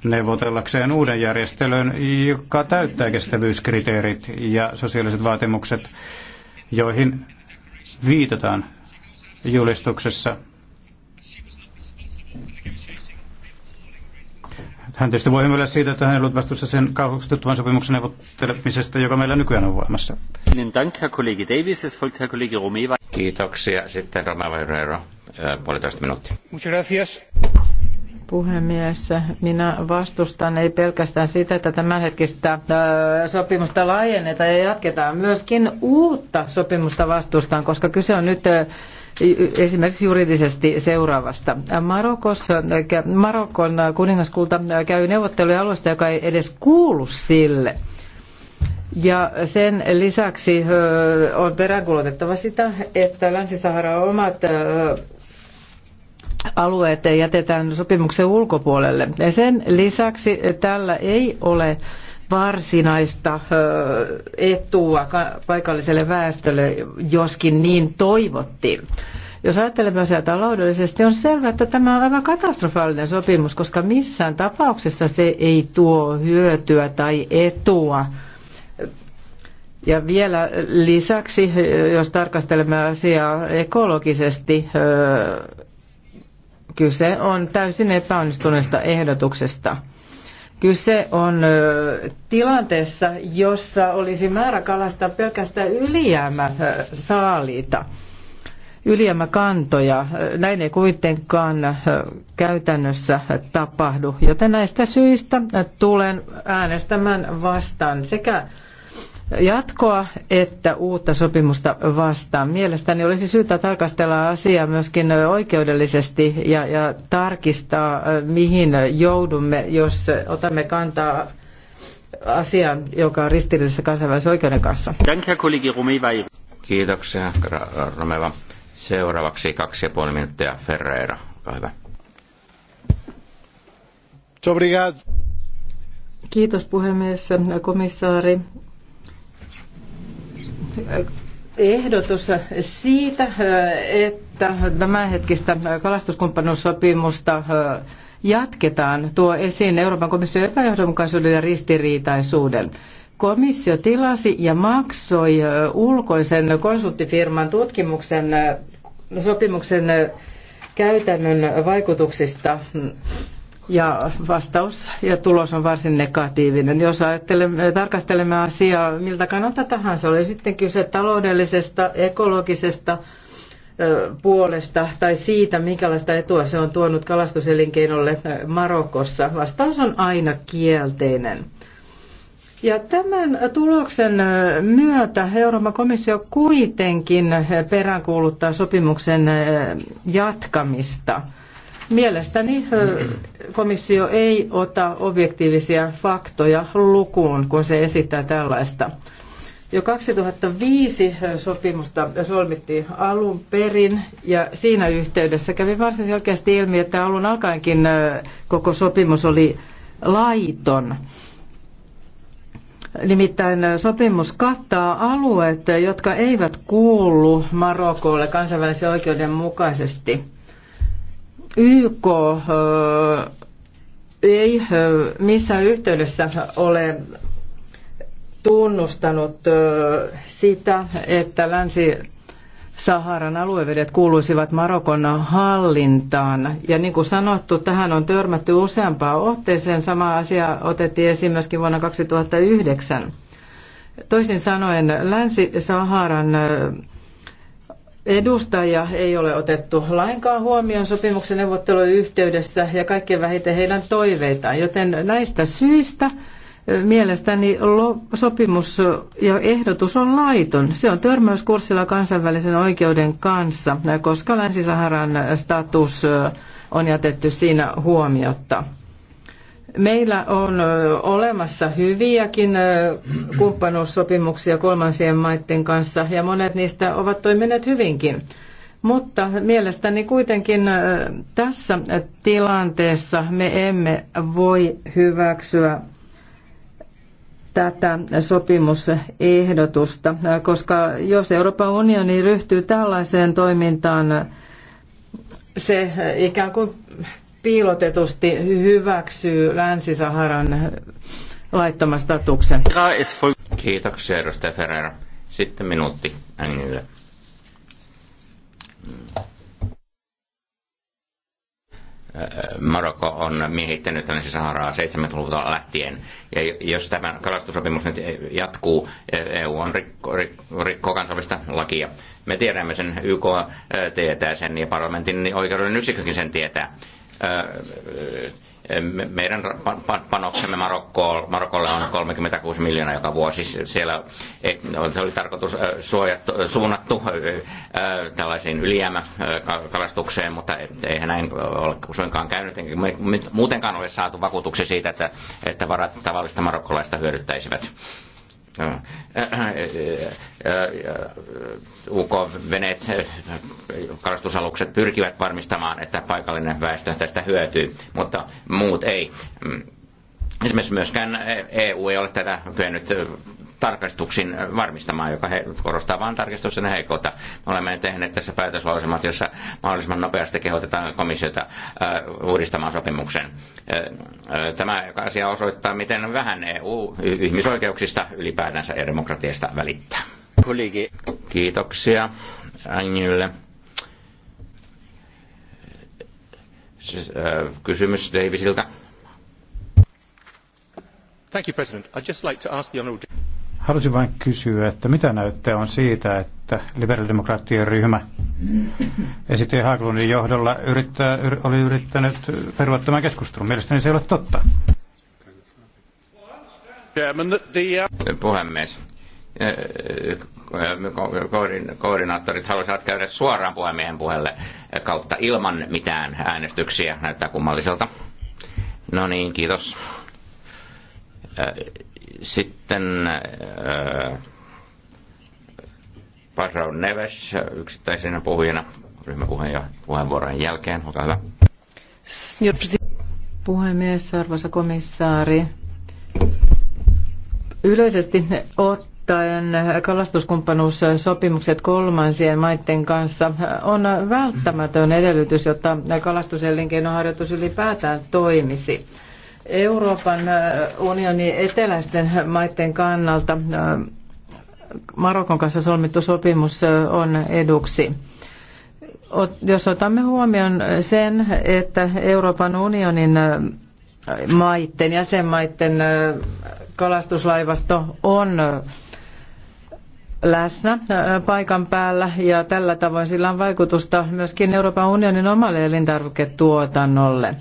neuvotellakseen uuden järjestelyn, joka täyttää kestävyyskriteerit ja sosiaaliset vaatimukset, joihin viitataan julistuksessa. Hän tietysti voi hymyillä siitä, että hän ei ollut vastuussa sen kauhustuttavan sopimuksen neuvottelemisesta, joka meillä nykyään on voimassa. Kiitoksia. Sitten Romero Herrero, äh, puolitoista minuuttia. Puhemies, minä vastustan ei pelkästään sitä, että tämänhetkistä äh, sopimusta laajennetaan ja jatketaan. Myöskin uutta sopimusta vastustan, koska kyse on nyt ö, äh, esimerkiksi juridisesti seuraavasta. Marokossa Marokon kuningaskulta käy neuvotteluja alueesta, joka ei edes kuulu sille. Ja sen lisäksi on peräänkuulutettava sitä, että Länsi-Sahara omat alueet jätetään sopimuksen ulkopuolelle. Sen lisäksi tällä ei ole varsinaista etua paikalliselle väestölle, joskin niin toivottiin. Jos ajattelemme asiaa taloudellisesti, on selvää, että tämä on aivan katastrofaalinen sopimus, koska missään tapauksessa se ei tuo hyötyä tai etua. Ja vielä lisäksi, jos tarkastelemme asiaa ekologisesti, kyse on täysin epäonnistuneesta ehdotuksesta – Kyse on tilanteessa, jossa olisi määrä kalastaa pelkästään ylijäämä saaliita, ylijäämäkantoja. Näin ei kuitenkaan käytännössä tapahdu, joten näistä syistä tulen äänestämään vastaan sekä jatkoa että uutta sopimusta vastaan. Mielestäni olisi syytä tarkastella asiaa myöskin oikeudellisesti ja, ja tarkistaa, mihin joudumme, jos otamme kantaa asiaan, joka on ristiriidassa kansainvälisen oikeuden kanssa. Kiitoksia, Romeva. Seuraavaksi kaksi ja puoli minuuttia Ferreira. Olkaa hyvä. Kiitos puhemies, komissaari ehdotus siitä, että tämänhetkistä kalastuskumppanuussopimusta jatketaan, tuo esiin Euroopan komission epäjohdonmukaisuuden ja ristiriitaisuuden. Komissio tilasi ja maksoi ulkoisen konsulttifirman tutkimuksen sopimuksen käytännön vaikutuksista ja vastaus ja tulos on varsin negatiivinen. Jos ajattelemme, tarkastelemme asiaa miltä kannalta tahansa, oli sitten kyse taloudellisesta, ekologisesta puolesta tai siitä, minkälaista etua se on tuonut kalastuselinkeinolle Marokossa. Vastaus on aina kielteinen. Ja tämän tuloksen myötä Euroopan komissio kuitenkin peräänkuuluttaa sopimuksen jatkamista – Mielestäni komissio ei ota objektiivisia faktoja lukuun, kun se esittää tällaista. Jo 2005 sopimusta solmittiin alun perin ja siinä yhteydessä kävi varsin selkeästi ilmi, että alun alkaenkin koko sopimus oli laiton. Nimittäin sopimus kattaa alueet, jotka eivät kuulu Marokolle kansainvälisen oikeuden mukaisesti. YK ei missään yhteydessä ole tunnustanut sitä, että länsi Saharan aluevedet kuuluisivat Marokon hallintaan. Ja niin kuin sanottu, tähän on törmätty useampaan otteeseen. Sama asia otettiin esiin myöskin vuonna 2009. Toisin sanoen Länsi-Saharan edustajia ei ole otettu lainkaan huomioon sopimuksen neuvottelujen yhteydessä ja kaikkein vähiten heidän toiveitaan. Joten näistä syistä mielestäni sopimus ja ehdotus on laiton. Se on törmäyskurssilla kansainvälisen oikeuden kanssa, koska Länsi-Saharan status on jätetty siinä huomiotta. Meillä on olemassa hyviäkin kumppanuussopimuksia kolmansien maiden kanssa ja monet niistä ovat toimineet hyvinkin. Mutta mielestäni kuitenkin tässä tilanteessa me emme voi hyväksyä tätä sopimusehdotusta, koska jos Euroopan unioni ryhtyy tällaiseen toimintaan, se ikään kuin piilotetusti hyväksyy Länsi-Saharan laittoman statuksen. Kiitoksia edustaja Ferreira. Sitten minuutti Ängille. Marokko on miehittänyt tällaisen Saharaa 70-luvulta lähtien. Ja jos tämä kalastusopimus nyt jatkuu, EU on rikko, rikko, rikko kansallista lakia. Me tiedämme sen, YK tietää sen ja parlamentin oikeudellinen yksikkökin sen tietää meidän panoksemme Marokko, Marokolle on 36 miljoonaa joka vuosi. Siellä e- no, se oli tarkoitus suojattu, suunnattu tällaisiin ylijäämäkalastukseen, mutta eihän näin ole suinkaan käynyt. Me muutenkaan ole saatu vakuutuksia siitä, että, että varat tavallista marokkolaista hyödyttäisivät. UK-veneet, kalastusalukset pyrkivät varmistamaan, että paikallinen väestö tästä hyötyy, mutta muut ei. Mm. Esimerkiksi myöskään EU e ei ole tätä kyennyt tarkastuksin varmistamaan, joka he, korostaa vain tarkistuksen heikkoutta. Me olemme tehneet tässä päätöslausumat, jossa mahdollisimman nopeasti kehotetaan komissiota äh, uudistamaan sopimuksen. Äh, äh, tämä asia osoittaa, miten vähän EU ihmisoikeuksista ylipäätänsä ja demokratiasta välittää. Kollegi. Kiitoksia Angille. Siis, kysymys Davisilta. Thank you, President. I'd just like to ask the honourable... Halusin vain kysyä, että mitä näyttää on siitä, että liberaalidemokraattien ryhmä esitti Haglundin johdolla yrittää, oli yrittänyt perua tämän keskustelun. Mielestäni se ei ole totta. Uh, Puhemies. Eh, koordinaattorit haluaisivat käydä suoraan puhemiehen puheelle kautta ilman mitään äänestyksiä. Näyttää kummalliselta. No niin, kiitos. Sitten Pasrao Neves yksittäisenä puhujana ryhmäpuheenvuoron jälkeen. Olkaa hyvä. Puhemies, arvoisa komissaari. Yleisesti ottaen kalastuskumppanuussopimukset kolmansien maiden kanssa on välttämätön edellytys, jotta kalastuselinkeinoharjoitus ylipäätään toimisi. Euroopan unionin eteläisten maiden kannalta Marokon kanssa solmittu sopimus on eduksi. Jos otamme huomioon sen, että Euroopan unionin maiden, jäsenmaiden kalastuslaivasto on läsnä paikan päällä ja tällä tavoin sillä on vaikutusta myöskin Euroopan unionin omalle elintarviketuotannolle –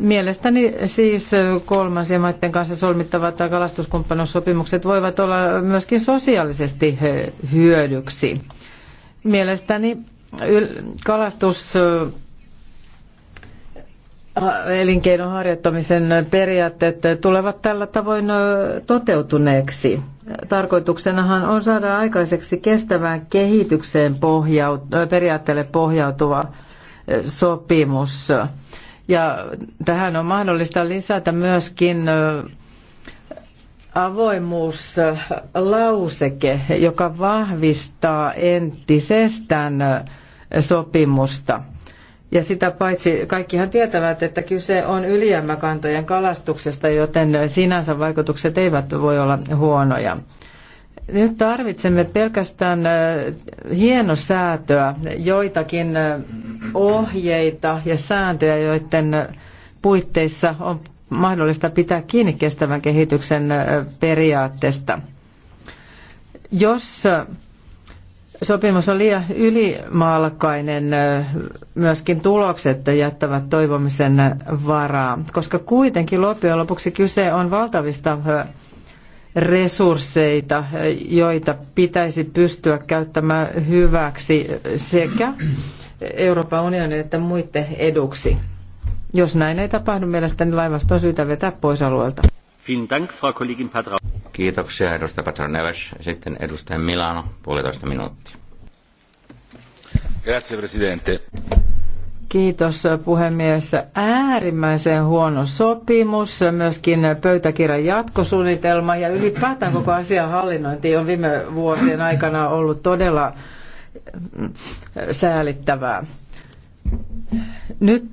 Mielestäni siis kolmansien maiden kanssa solmittavat kalastuskumppanuussopimukset voivat olla myöskin sosiaalisesti hyödyksi. Mielestäni kalastus elinkeinon harjoittamisen periaatteet tulevat tällä tavoin toteutuneeksi. Tarkoituksenahan on saada aikaiseksi kestävään kehitykseen pohjaut- periaatteelle pohjautuva sopimus. Ja tähän on mahdollista lisätä myöskin avoimuuslauseke, joka vahvistaa entisestään sopimusta. Ja sitä paitsi kaikkihan tietävät, että kyse on ylijäämäkantojen kalastuksesta, joten sinänsä vaikutukset eivät voi olla huonoja. Nyt tarvitsemme pelkästään hienosäätöä, joitakin ohjeita ja sääntöjä, joiden puitteissa on mahdollista pitää kiinni kestävän kehityksen periaatteesta. Jos sopimus on liian ylimalkainen, myöskin tulokset jättävät toivomisen varaa, koska kuitenkin loppujen lopuksi kyse on valtavista resursseita, joita pitäisi pystyä käyttämään hyväksi sekä Euroopan unionin että muiden eduksi. Jos näin ei tapahdu, mielestäni laivasta on syytä vetää pois alueelta. Kiitoksia edustaja Petra Neves. Sitten edustaja Milano, puolitoista minuuttia. Grazie, Presidente. Kiitos puhemies. Äärimmäisen huono sopimus, myöskin pöytäkirjan jatkosuunnitelma ja ylipäätään koko asian hallinnointi on viime vuosien aikana ollut todella säälittävää. Nyt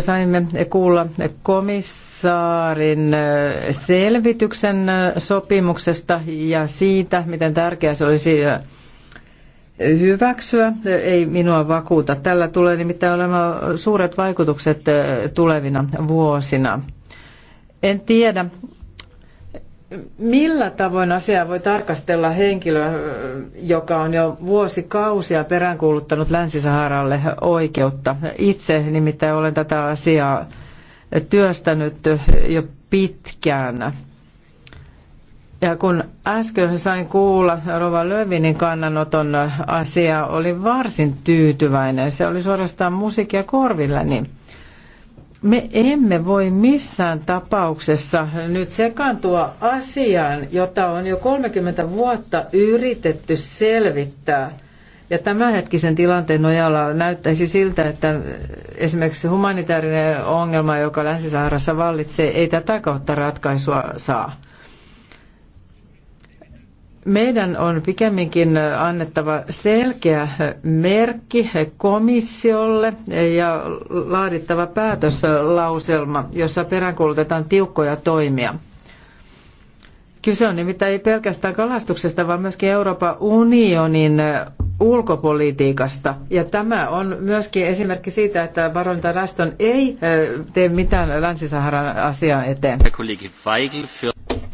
saimme kuulla komissaarin selvityksen sopimuksesta ja siitä, miten tärkeää se olisi hyväksyä, ei minua vakuuta. Tällä tulee nimittäin olemaan suuret vaikutukset tulevina vuosina. En tiedä, millä tavoin asiaa voi tarkastella henkilö, joka on jo vuosikausia peräänkuuluttanut Länsi-Saharalle oikeutta. Itse nimittäin olen tätä asiaa työstänyt jo pitkään. Ja kun äsken sain kuulla Rova Lövinin kannanoton asia oli varsin tyytyväinen. Se oli suorastaan musiikkia korvillani. Me emme voi missään tapauksessa nyt sekaantua asiaan, jota on jo 30 vuotta yritetty selvittää. Ja tämänhetkisen tilanteen nojalla näyttäisi siltä, että esimerkiksi humanitaarinen ongelma, joka Länsi-Saharassa vallitsee, ei tätä kautta ratkaisua saa. Meidän on pikemminkin annettava selkeä merkki komissiolle ja laadittava päätöslauselma, jossa peräänkuulutetaan tiukkoja toimia. Kyse on nimittäin ei pelkästään kalastuksesta, vaan myöskin Euroopan unionin ulkopolitiikasta. Ja tämä on myöskin esimerkki siitä, että baronita Raston ei tee mitään Länsi-Saharan asiaa eteen.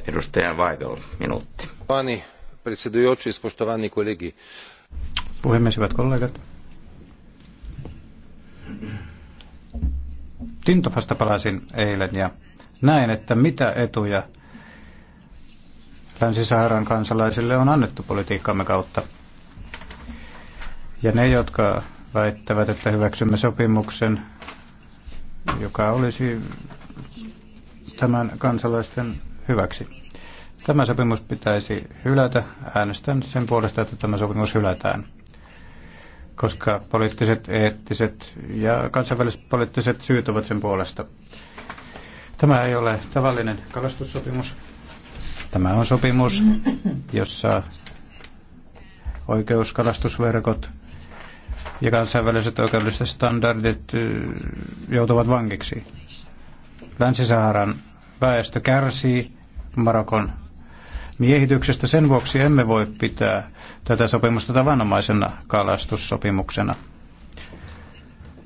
Edustaja Weigel, minuutti. Pani predsedujoči, spoštovani kolegi. Puhemies, hyvät kollegat. Tintofasta palasin eilen ja näin, että mitä etuja Länsi-Saharan kansalaisille on annettu politiikkamme kautta. Ja ne, jotka väittävät, että hyväksymme sopimuksen, joka olisi tämän kansalaisten hyväksi. Tämä sopimus pitäisi hylätä. Äänestän sen puolesta, että tämä sopimus hylätään koska poliittiset, eettiset ja kansainväliset poliittiset syyt ovat sen puolesta. Tämä ei ole tavallinen kalastussopimus. Tämä on sopimus, jossa oikeuskalastusverkot ja kansainväliset oikeudelliset standardit joutuvat vankiksi. Länsi-Saharan väestö kärsii Marokon miehityksestä. Sen vuoksi emme voi pitää tätä sopimusta tavanomaisena kalastussopimuksena.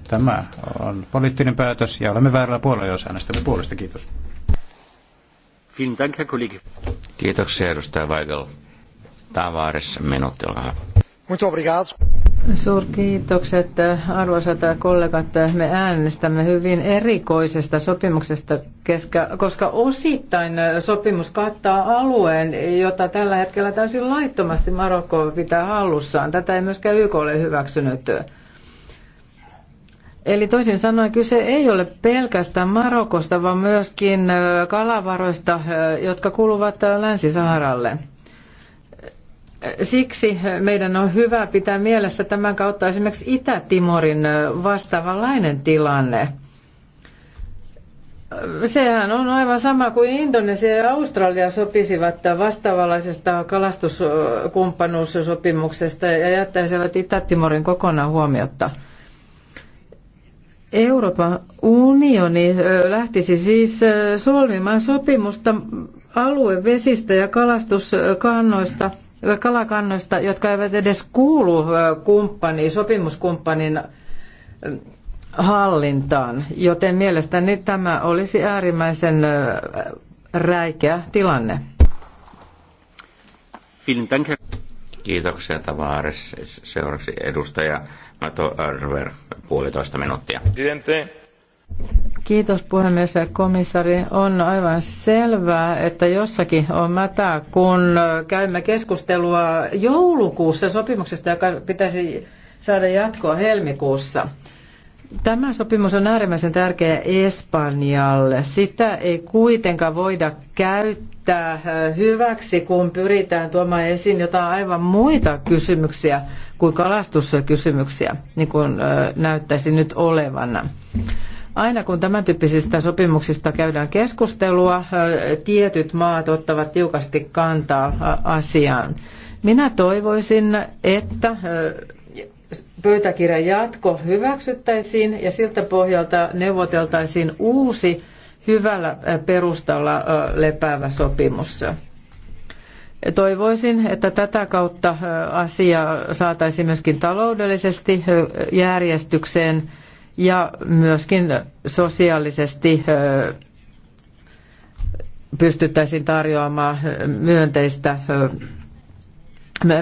Tämä on poliittinen päätös ja olemme väärällä puolella, jos äänestämme puolesta. Kiitos. Kiitoksia edustaja Weigel. Tavaarissa minuutti, olkaa hyvä. Suurkiitokset arvoisat kollegat. Me äänestämme hyvin erikoisesta sopimuksesta, koska osittain sopimus kattaa alueen, jota tällä hetkellä täysin laittomasti Marokko pitää hallussaan. Tätä ei myöskään YK ole hyväksynyt. Eli toisin sanoen kyse ei ole pelkästään Marokosta, vaan myöskin kalavaroista, jotka kuuluvat Länsi-Saharalle. Siksi meidän on hyvä pitää mielessä tämän kautta esimerkiksi Itä-Timorin vastaavanlainen tilanne. Sehän on aivan sama kuin Indonesia ja Australia sopisivat vastaavanlaisesta kalastuskumppanuussopimuksesta ja jättäisivät Itä-Timorin kokonaan huomiotta. Euroopan unioni lähtisi siis solmimaan sopimusta aluevesistä ja kalastuskannoista – kalakannoista, jotka eivät edes kuulu kumppani, sopimuskumppanin hallintaan, joten mielestäni tämä olisi äärimmäisen räikeä tilanne. Kiitoksia Tavares. Seuraavaksi edustaja Mato Arver, puolitoista minuuttia. Kiitos puhemies ja komissari. On aivan selvää, että jossakin on mätä, kun käymme keskustelua joulukuussa sopimuksesta, joka pitäisi saada jatkoa helmikuussa. Tämä sopimus on äärimmäisen tärkeä Espanjalle. Sitä ei kuitenkaan voida käyttää hyväksi, kun pyritään tuomaan esiin jotain aivan muita kysymyksiä kuin kalastuskysymyksiä, niin kuin näyttäisi nyt olevan. Aina kun tämän tyyppisistä sopimuksista käydään keskustelua, tietyt maat ottavat tiukasti kantaa asiaan. Minä toivoisin, että pöytäkirjan jatko hyväksyttäisiin ja siltä pohjalta neuvoteltaisiin uusi hyvällä perustalla lepäävä sopimus. Toivoisin, että tätä kautta asia saataisiin myöskin taloudellisesti järjestykseen ja myöskin sosiaalisesti pystyttäisiin tarjoamaan myönteistä,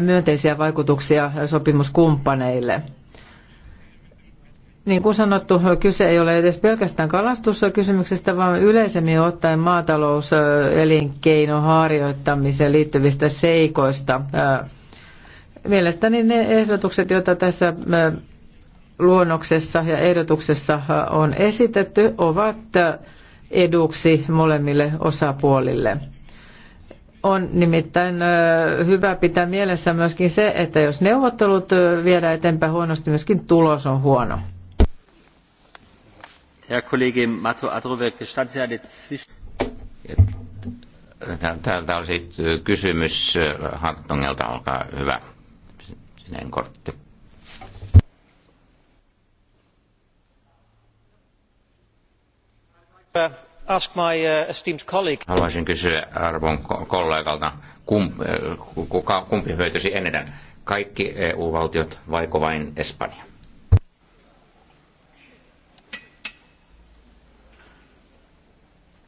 myönteisiä vaikutuksia sopimuskumppaneille. Niin kuin sanottu, kyse ei ole edes pelkästään kalastuskysymyksestä, vaan yleisemmin ottaen maatalous, elinkeino, harjoittamiseen liittyvistä seikoista. Mielestäni ne ehdotukset, joita tässä luonnoksessa ja ehdotuksessa äh, on esitetty, ovat äh, eduksi molemmille osapuolille. On nimittäin äh, hyvä pitää mielessä myöskin se, että jos neuvottelut viedään eteenpäin huonosti, myöskin tulos on huono. Herr Kollege Mato Adrove, gestatten eine Täältä olisi kysymys Hartongelta, olkaa hyvä. Sininen kortti. Uh, uh, Haluaisin kysyä arvon kollegalta, uh, kuka, kumpi hyötyisi eniten, kaikki EU-valtiot vaiko vain Espanja?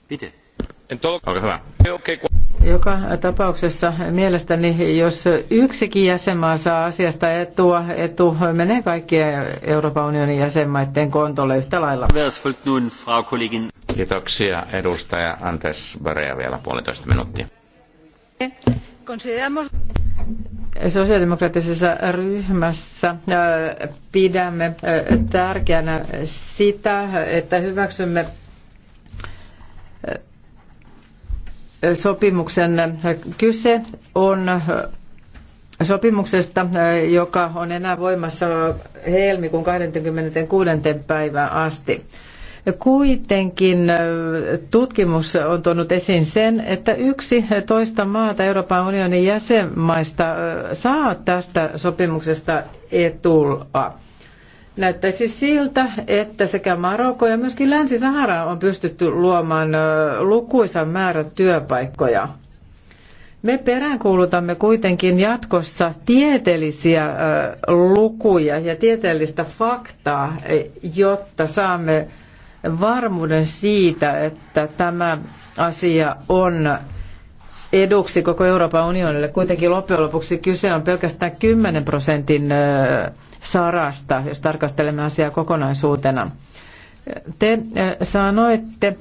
Bitte. Joka tapauksessa mielestäni, jos yksikin jäsenmaa saa asiasta etua, etu menee kaikkien Euroopan unionin jäsenmaiden kontolle yhtä lailla. Kiitoksia edustaja Andres Barea vielä puolitoista minuuttia. Sosiaalidemokraattisessa ryhmässä äh, pidämme äh, tärkeänä sitä, että hyväksymme äh, sopimuksen kyse on sopimuksesta, joka on enää voimassa helmikuun 26. päivään asti. Kuitenkin tutkimus on tuonut esiin sen, että yksi toista maata Euroopan unionin jäsenmaista saa tästä sopimuksesta etua. Näyttäisi siltä, että sekä Marokko ja myöskin Länsi-Sahara on pystytty luomaan lukuisan määrän työpaikkoja. Me peräänkuulutamme kuitenkin jatkossa tieteellisiä lukuja ja tieteellistä faktaa, e, jotta saamme varmuuden siitä, että tämä asia on eduksi koko Euroopan unionille. Kuitenkin loppujen lopuksi kyse on pelkästään 10 prosentin sarasta, jos tarkastelemme asiaa kokonaisuutena. Te sanoitte,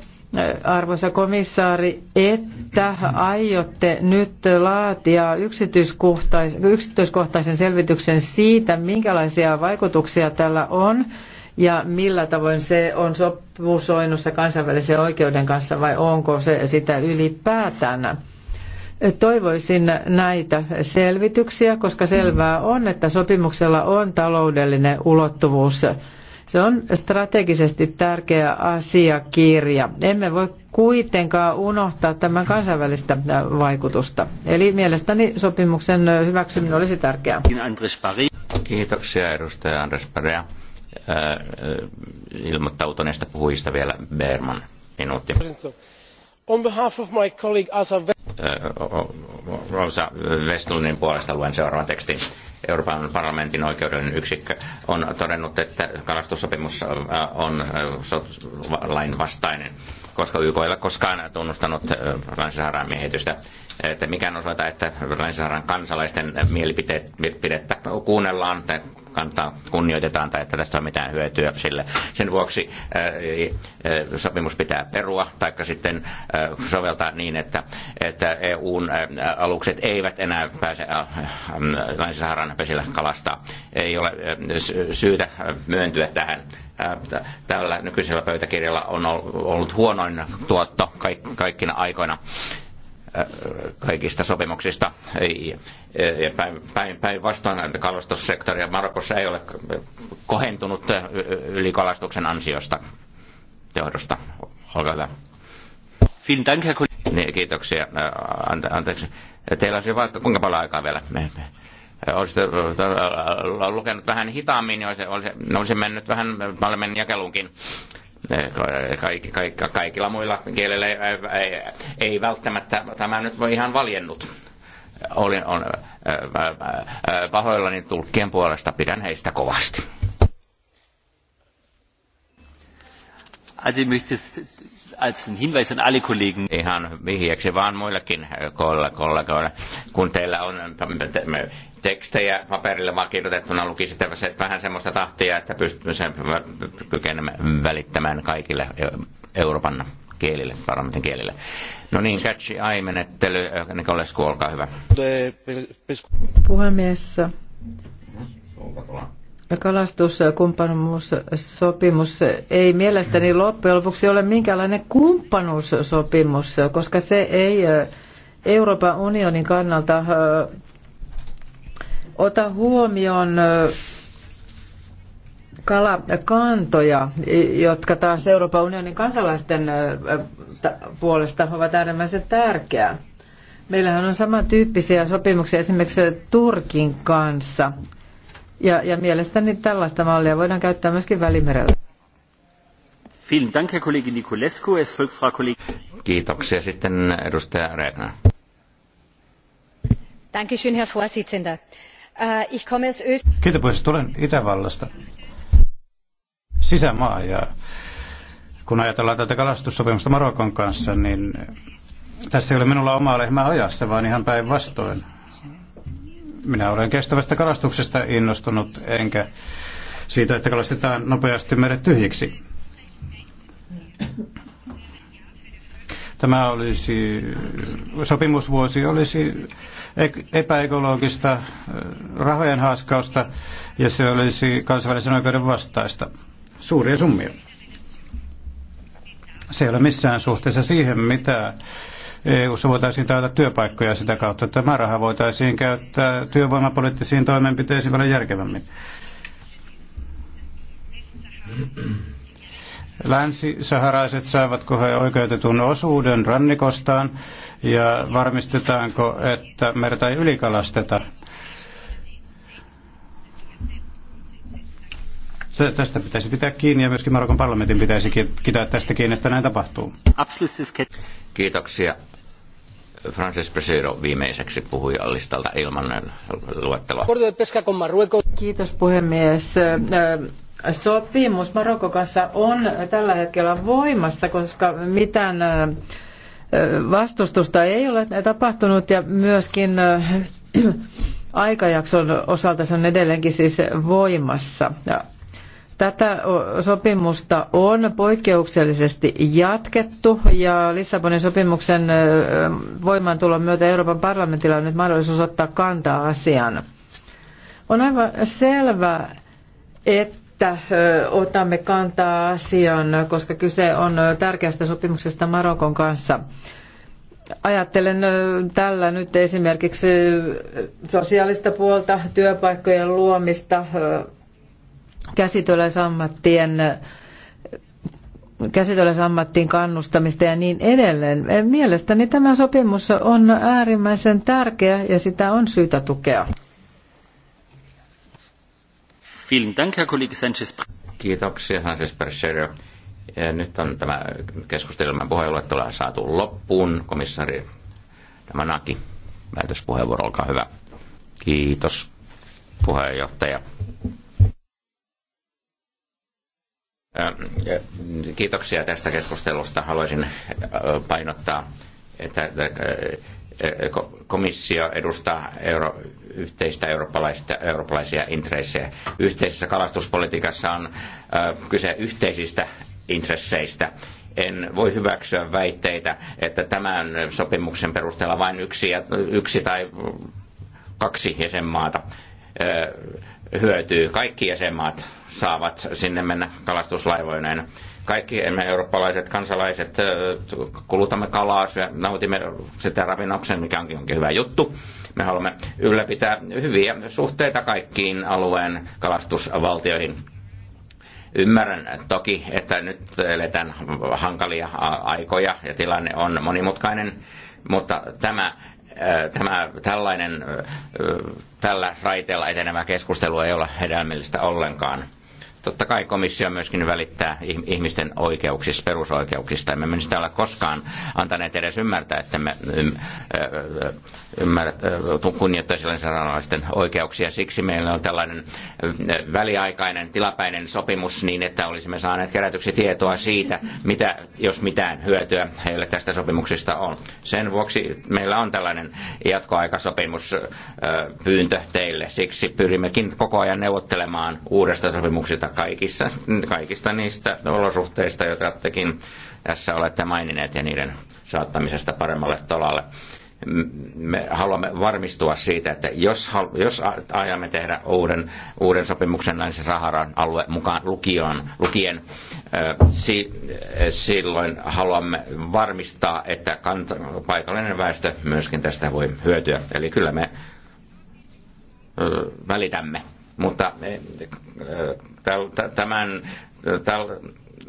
arvoisa komissaari, että aiotte nyt laatia yksityiskohtaisen selvityksen siitä, minkälaisia vaikutuksia tällä on ja millä tavoin se on sopusoinnussa kansainvälisen oikeuden kanssa vai onko se sitä ylipäätään. Toivoisin näitä selvityksiä, koska selvää on, että sopimuksella on taloudellinen ulottuvuus. Se on strategisesti tärkeä asiakirja. Emme voi kuitenkaan unohtaa tämän kansainvälistä vaikutusta. Eli mielestäni sopimuksen hyväksyminen olisi tärkeää. Kiitoksia edustaja Andres Parea. Äh, äh, ilmoittautuneista puhujista vielä Berman minuutti. On behalf of my colleague Asa Rosa Westlundin puolesta luen seuraavan tekstin. Euroopan parlamentin oikeuden yksikkö on todennut, että kalastussopimus on lain vastainen, koska YK ei ole koskaan tunnustanut Länsi-Saharan miehitystä. Että mikään osoita, että Länsi-Saharan kansalaisten mielipidettä kuunnellaan kantaa, kunnioitetaan tai että tästä on mitään hyötyä sille. Sen vuoksi äh, äh, sopimus pitää perua tai sitten äh, soveltaa niin, että, että EUn alukset eivät enää pääse Länsi-Saharan pesillä kalastaa. Ei ole syytä myöntyä tähän tällä nykyisellä pöytäkirjalla on ollut huonoin tuotto kaikkina aikoina kaikista sopimuksista. Päinvastoin päin, päin ja Marokossa ei ole kohentunut ylikalastuksen ansiosta johdosta. Olkaa hyvä. Vielen Dank, Herr niin, kiitoksia. Ante, anteeksi. Teillä olisi vaikka kuinka paljon aikaa vielä? Olisitte lukenut vähän hitaammin, niin olisi, olisi, mennyt vähän paremmin jakeluunkin kaikki, kaikki, kaikilla muilla kielillä ei, ei, ei välttämättä, tämä nyt voi ihan valjennut. Olin on, pahoillani tulkkien puolesta, pidän heistä kovasti. Also ich möchte als Hinweis an alle Kollegen. Ihan vihjeksi vaan muillekin äh, kollegoille. Kun teillä on äh, tekstejä paperille vakiinnutettuna, lukisitte vähän semmoista tahtia, että pystymme sen kykenemme välittämään kaikille äh, Euroopan kielille, parlamentin kielille. No niin, catch ai menettely. Nikolesku, olkaa hyvä. Puhemies, kalastuskumppanuussopimus ei mielestäni loppujen lopuksi ole minkäänlainen kumppanuussopimus, koska se ei Euroopan unionin kannalta ota huomioon kalakantoja, jotka taas Euroopan unionin kansalaisten puolesta ovat äärimmäisen tärkeää. Meillähän on samantyyppisiä sopimuksia esimerkiksi Turkin kanssa. Ja, ja mielestäni tällaista mallia voidaan käyttää myöskin Välimerellä. Kiitoksia sitten edustaja Regner. Dankeschön, Herr Vorsitzender. Äh, ich komme aus Österreich. Kiitos, tulen Itävallasta. Sisämaa ja kun ajatellaan tätä kalastussopimusta Marokon kanssa, niin tässä ei ole minulla omaa lehmää ajassa, vaan ihan päinvastoin. Minä olen kestävästä kalastuksesta innostunut, enkä siitä, että kalastetaan nopeasti meret tyhjiksi. Tämä olisi, sopimusvuosi olisi epäekologista äh, rahojen haaskausta ja se olisi kansainvälisen oikeuden vastaista. Suuria summia. Se ei ole missään suhteessa siihen, mitä EU-ssa voitaisiin taata työpaikkoja sitä kautta, että tämä raha voitaisiin käyttää työvoimapoliittisiin toimenpiteisiin paljon järkevämmin. Länsi-saharaiset saavatko he oikeutetun osuuden rannikostaan ja varmistetaanko, että merta ei ylikalasteta? Tästä pitäisi pitää kiinni ja myöskin Marokon parlamentin pitäisi pitää tästä kiinni, että näin tapahtuu. Kiitoksia. Francis Pesero viimeiseksi puhujalistalta ilman luettelua. Kiitos puhemies. Sopimus Marokko kanssa on tällä hetkellä voimassa, koska mitään vastustusta ei ole tapahtunut ja myöskin [clears throat] aikajakson osalta se on edelleenkin siis voimassa. Tätä sopimusta on poikkeuksellisesti jatkettu ja Lissabonin sopimuksen voimaantulon myötä Euroopan parlamentilla on nyt mahdollisuus ottaa kantaa asiaan. On aivan selvä, että otamme kantaa asiaan, koska kyse on tärkeästä sopimuksesta Marokon kanssa. Ajattelen tällä nyt esimerkiksi sosiaalista puolta, työpaikkojen luomista, käsityöläisammattien käsityöläisammattiin kannustamista ja niin edelleen. Eh, mielestäni tämä sopimus on äärimmäisen tärkeä ja sitä on syytä tukea. Kiitoksia, Sanchez Persero. Nyt on tämä keskustelman puheenluettelo saatu loppuun. Komissari Damanaki, väitöspuheenvuoro, olkaa hyvä. Kiitos, puheenjohtaja. Ähm, kiitoksia tästä keskustelusta. Haluaisin äh, painottaa, että äh, äh, komissio edustaa euro, yhteistä eurooppalaista, eurooppalaisia intressejä. Yhteisessä kalastuspolitiikassa on kyse yhteisistä intresseistä en voi hyväksyä väitteitä, että tämän sopimuksen perusteella vain yksi, yksi tai kaksi jäsenmaata hyötyy. Kaikki jäsenmaat saavat sinne mennä kalastuslaivoineen. Kaikki me eurooppalaiset kansalaiset kulutamme kalaa, syö, nautimme sitä ravinnoksen, mikä onkin, onkin hyvä juttu. Me haluamme ylläpitää hyviä suhteita kaikkiin alueen kalastusvaltioihin. Ymmärrän toki, että nyt eletään hankalia aikoja ja tilanne on monimutkainen, mutta tämä Äh, tämä, tällainen äh, äh, tällä raiteella etenemä keskustelu ei ole hedelmällistä ollenkaan. Totta kai komissio myöskin välittää ihmisten oikeuksista, perusoikeuksista. Emme me sitä ole koskaan antaneet edes ymmärtää, että me ymmärrät, kunnioittaisi oikeuksia. Siksi meillä on tällainen väliaikainen, tilapäinen sopimus niin, että olisimme saaneet kerätyksi tietoa siitä, mitä, jos mitään hyötyä heille tästä sopimuksesta on. Sen vuoksi meillä on tällainen jatkoaikasopimus pyyntö teille. Siksi pyrimmekin koko ajan neuvottelemaan uudesta sopimuksesta kaikissa, kaikista niistä olosuhteista, jotka tekin tässä olette maininneet ja niiden saattamisesta paremmalle tolalle. Me haluamme varmistua siitä, että jos, jos ajamme tehdä uuden, uuden sopimuksen länsi Saharan alue mukaan lukioon, lukien, si, silloin haluamme varmistaa, että kant, paikallinen väestö myöskin tästä voi hyötyä. Eli kyllä me välitämme mutta tämän,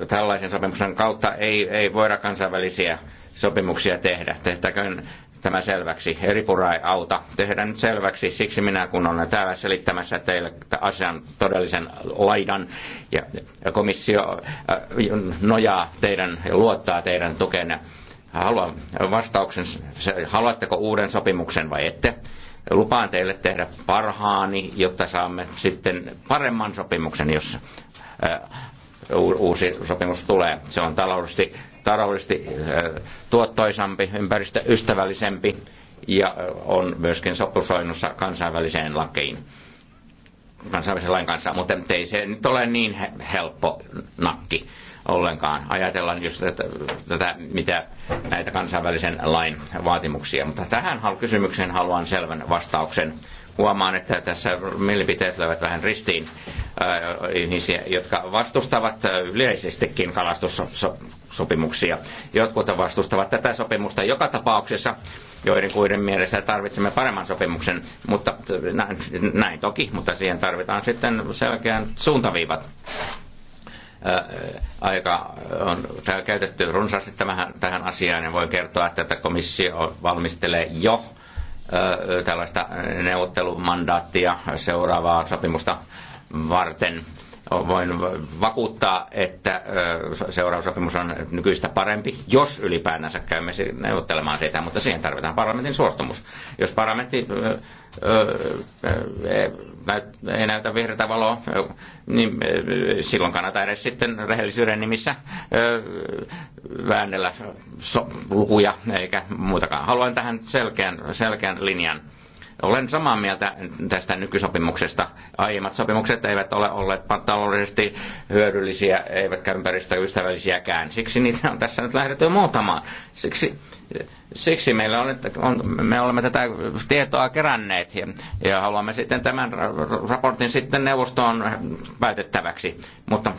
tällaisen sopimuksen kautta ei, ei voida kansainvälisiä sopimuksia tehdä. Tehtäköön tämä selväksi. pura ei auta. Tehdään nyt selväksi. Siksi minä kun olen täällä selittämässä teille asian todellisen laidan ja komissio nojaa teidän ja luottaa teidän tukenne. Haluan vastauksen, haluatteko uuden sopimuksen vai ette? Lupaan teille tehdä parhaani, jotta saamme sitten paremman sopimuksen, jos äh, uusi sopimus tulee. Se on taloudellisesti, taloudellisesti äh, tuottoisampi, ympäristöystävällisempi ja äh, on myöskin sopusoinnussa kansainväliseen lakiin kansainvälisen lain kanssa, mutta ei se nyt ole niin helppo nakki ollenkaan. Ajatellaan just tätä, tätä mitä näitä kansainvälisen lain vaatimuksia. Mutta tähän kysymykseen haluan selvän vastauksen. Huomaan, että tässä mielipiteet löyvät vähän ristiin äh, ihmisiä, jotka vastustavat äh, yleisestikin kalastussopimuksia. Jotkut vastustavat tätä sopimusta joka tapauksessa, joiden kuiden mielestä tarvitsemme paremman sopimuksen, mutta näin, näin toki, mutta siihen tarvitaan sitten selkeän suuntaviivat aika on käytetty runsaasti tämähän, tähän asiaan ja voin kertoa, että komissio valmistelee jo tällaista neuvottelumandaattia seuraavaa sopimusta varten voin vakuuttaa, että seurausopimus on nykyistä parempi, jos ylipäänsä käymme neuvottelemaan sitä, mutta siihen tarvitaan parlamentin suostumus. Jos parlamentti ei näytä vihreätä valoa, niin silloin kannattaa edes sitten rehellisyyden nimissä väännellä lukuja eikä muutakaan. Haluan tähän selkeän, selkeän linjan olen samaa mieltä tästä nykysopimuksesta. Aiemmat sopimukset eivät ole olleet taloudellisesti hyödyllisiä eivätkä ympäristöystävällisiäkään. Siksi niitä on tässä nyt lähdetty muutamaan. Siksi, siksi meillä on, on, me olemme tätä tietoa keränneet ja, ja haluamme sitten tämän raportin sitten neuvostoon päätettäväksi. Mutta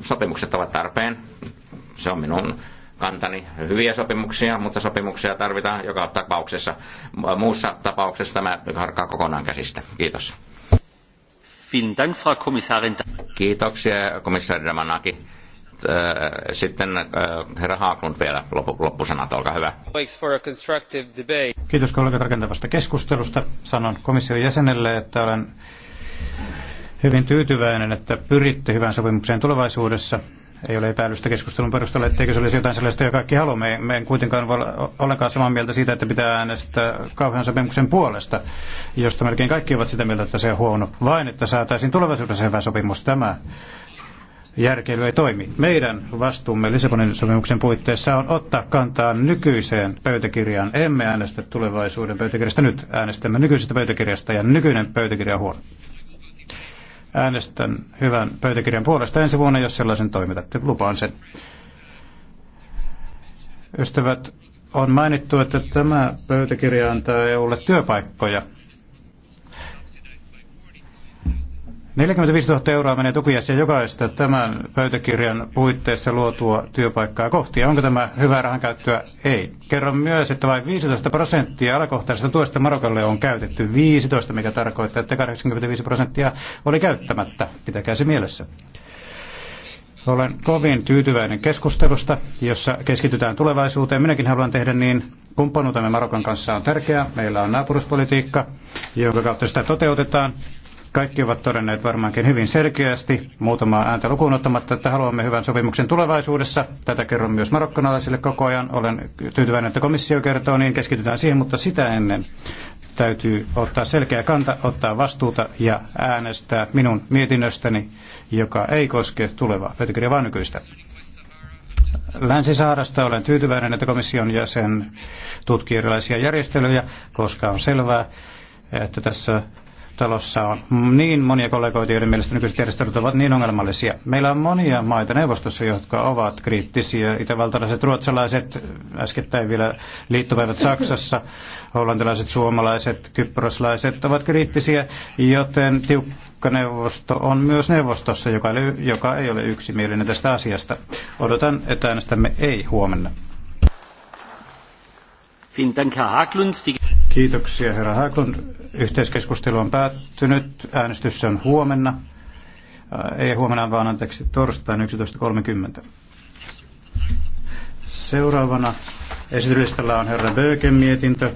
sopimukset ovat tarpeen. Se on minun kantani. Hyviä sopimuksia, mutta sopimuksia tarvitaan joka tapauksessa. Muussa tapauksessa tämä harkkaa kokonaan käsistä. Kiitos. Kiitoksia, komissaari Damanaki. Äh, sitten äh, herra Haaklund vielä loppusanat, olkaa hyvä. Kiitos kollegat rakentavasta keskustelusta. Sanon komission jäsenelle, että olen hyvin tyytyväinen, että pyritte hyvään sopimukseen tulevaisuudessa. Ei ole epäilystä keskustelun perusteella, etteikö se olisi jotain sellaista, joka kaikki haluaa. Me en kuitenkaan voi ollenkaan samaa mieltä siitä, että pitää äänestää kauhean sopimuksen puolesta, josta melkein kaikki ovat sitä mieltä, että se on huono. Vain, että saataisiin tulevaisuudessa hyvä sopimus. Tämä järkeily ei toimi. Meidän vastuumme Lissabonin sopimuksen puitteissa on ottaa kantaa nykyiseen pöytäkirjaan. Emme äänestä tulevaisuuden pöytäkirjasta nyt, äänestämme nykyisestä pöytäkirjasta ja nykyinen pöytäkirja on huono. Äänestän hyvän pöytäkirjan puolesta ensi vuonna, jos sellaisen toimitatte. Lupaan sen. Ystävät, on mainittu, että tämä pöytäkirja antaa EUlle työpaikkoja. 45 000 euroa menee tukiaisia jokaista tämän pöytäkirjan puitteissa luotua työpaikkaa kohti. Onko tämä hyvää rahan käyttöä? Ei. Kerron myös, että vain 15 prosenttia alakohtaisesta tuesta Marokalle on käytetty. 15, mikä tarkoittaa, että 85 prosenttia oli käyttämättä. Pitäkää se mielessä. Olen kovin tyytyväinen keskustelusta, jossa keskitytään tulevaisuuteen. Minäkin haluan tehdä niin. Kumppanuutemme Marokon kanssa on tärkeää. Meillä on naapuruspolitiikka, jonka kautta sitä toteutetaan. Kaikki ovat todenneet varmaankin hyvin selkeästi, muutama ääntä lukuun ottamatta, että haluamme hyvän sopimuksen tulevaisuudessa. Tätä kerron myös marokkanalaisille koko ajan. Olen tyytyväinen, että komissio kertoo, niin keskitytään siihen, mutta sitä ennen täytyy ottaa selkeä kanta, ottaa vastuuta ja äänestää minun mietinnöstäni, joka ei koske tulevaa pöytäkirjaa, vaan nykyistä. länsi saarasta olen tyytyväinen, että komission jäsen tutkii erilaisia järjestelyjä, koska on selvää, että tässä talossa on niin monia kollegoita, joiden mielestä nykyiset järjestelyt ovat niin ongelmallisia. Meillä on monia maita neuvostossa, jotka ovat kriittisiä. Itävaltalaiset, ruotsalaiset, äskettäin vielä liittopäivät Saksassa, hollantilaiset, suomalaiset, kyproslaiset ovat kriittisiä, joten tiukka neuvosto on myös neuvostossa, joka, ei, joka ei ole yksimielinen tästä asiasta. Odotan, että äänestämme ei huomenna. Vielen Haglund. Kiitoksia, herra Haglund. Yhteiskeskustelu on päättynyt. Äänestys on huomenna. Äh, ei huomenna, vaan anteeksi, torstaina 11.30. Seuraavana esityslistalla on herra Böken mietintö.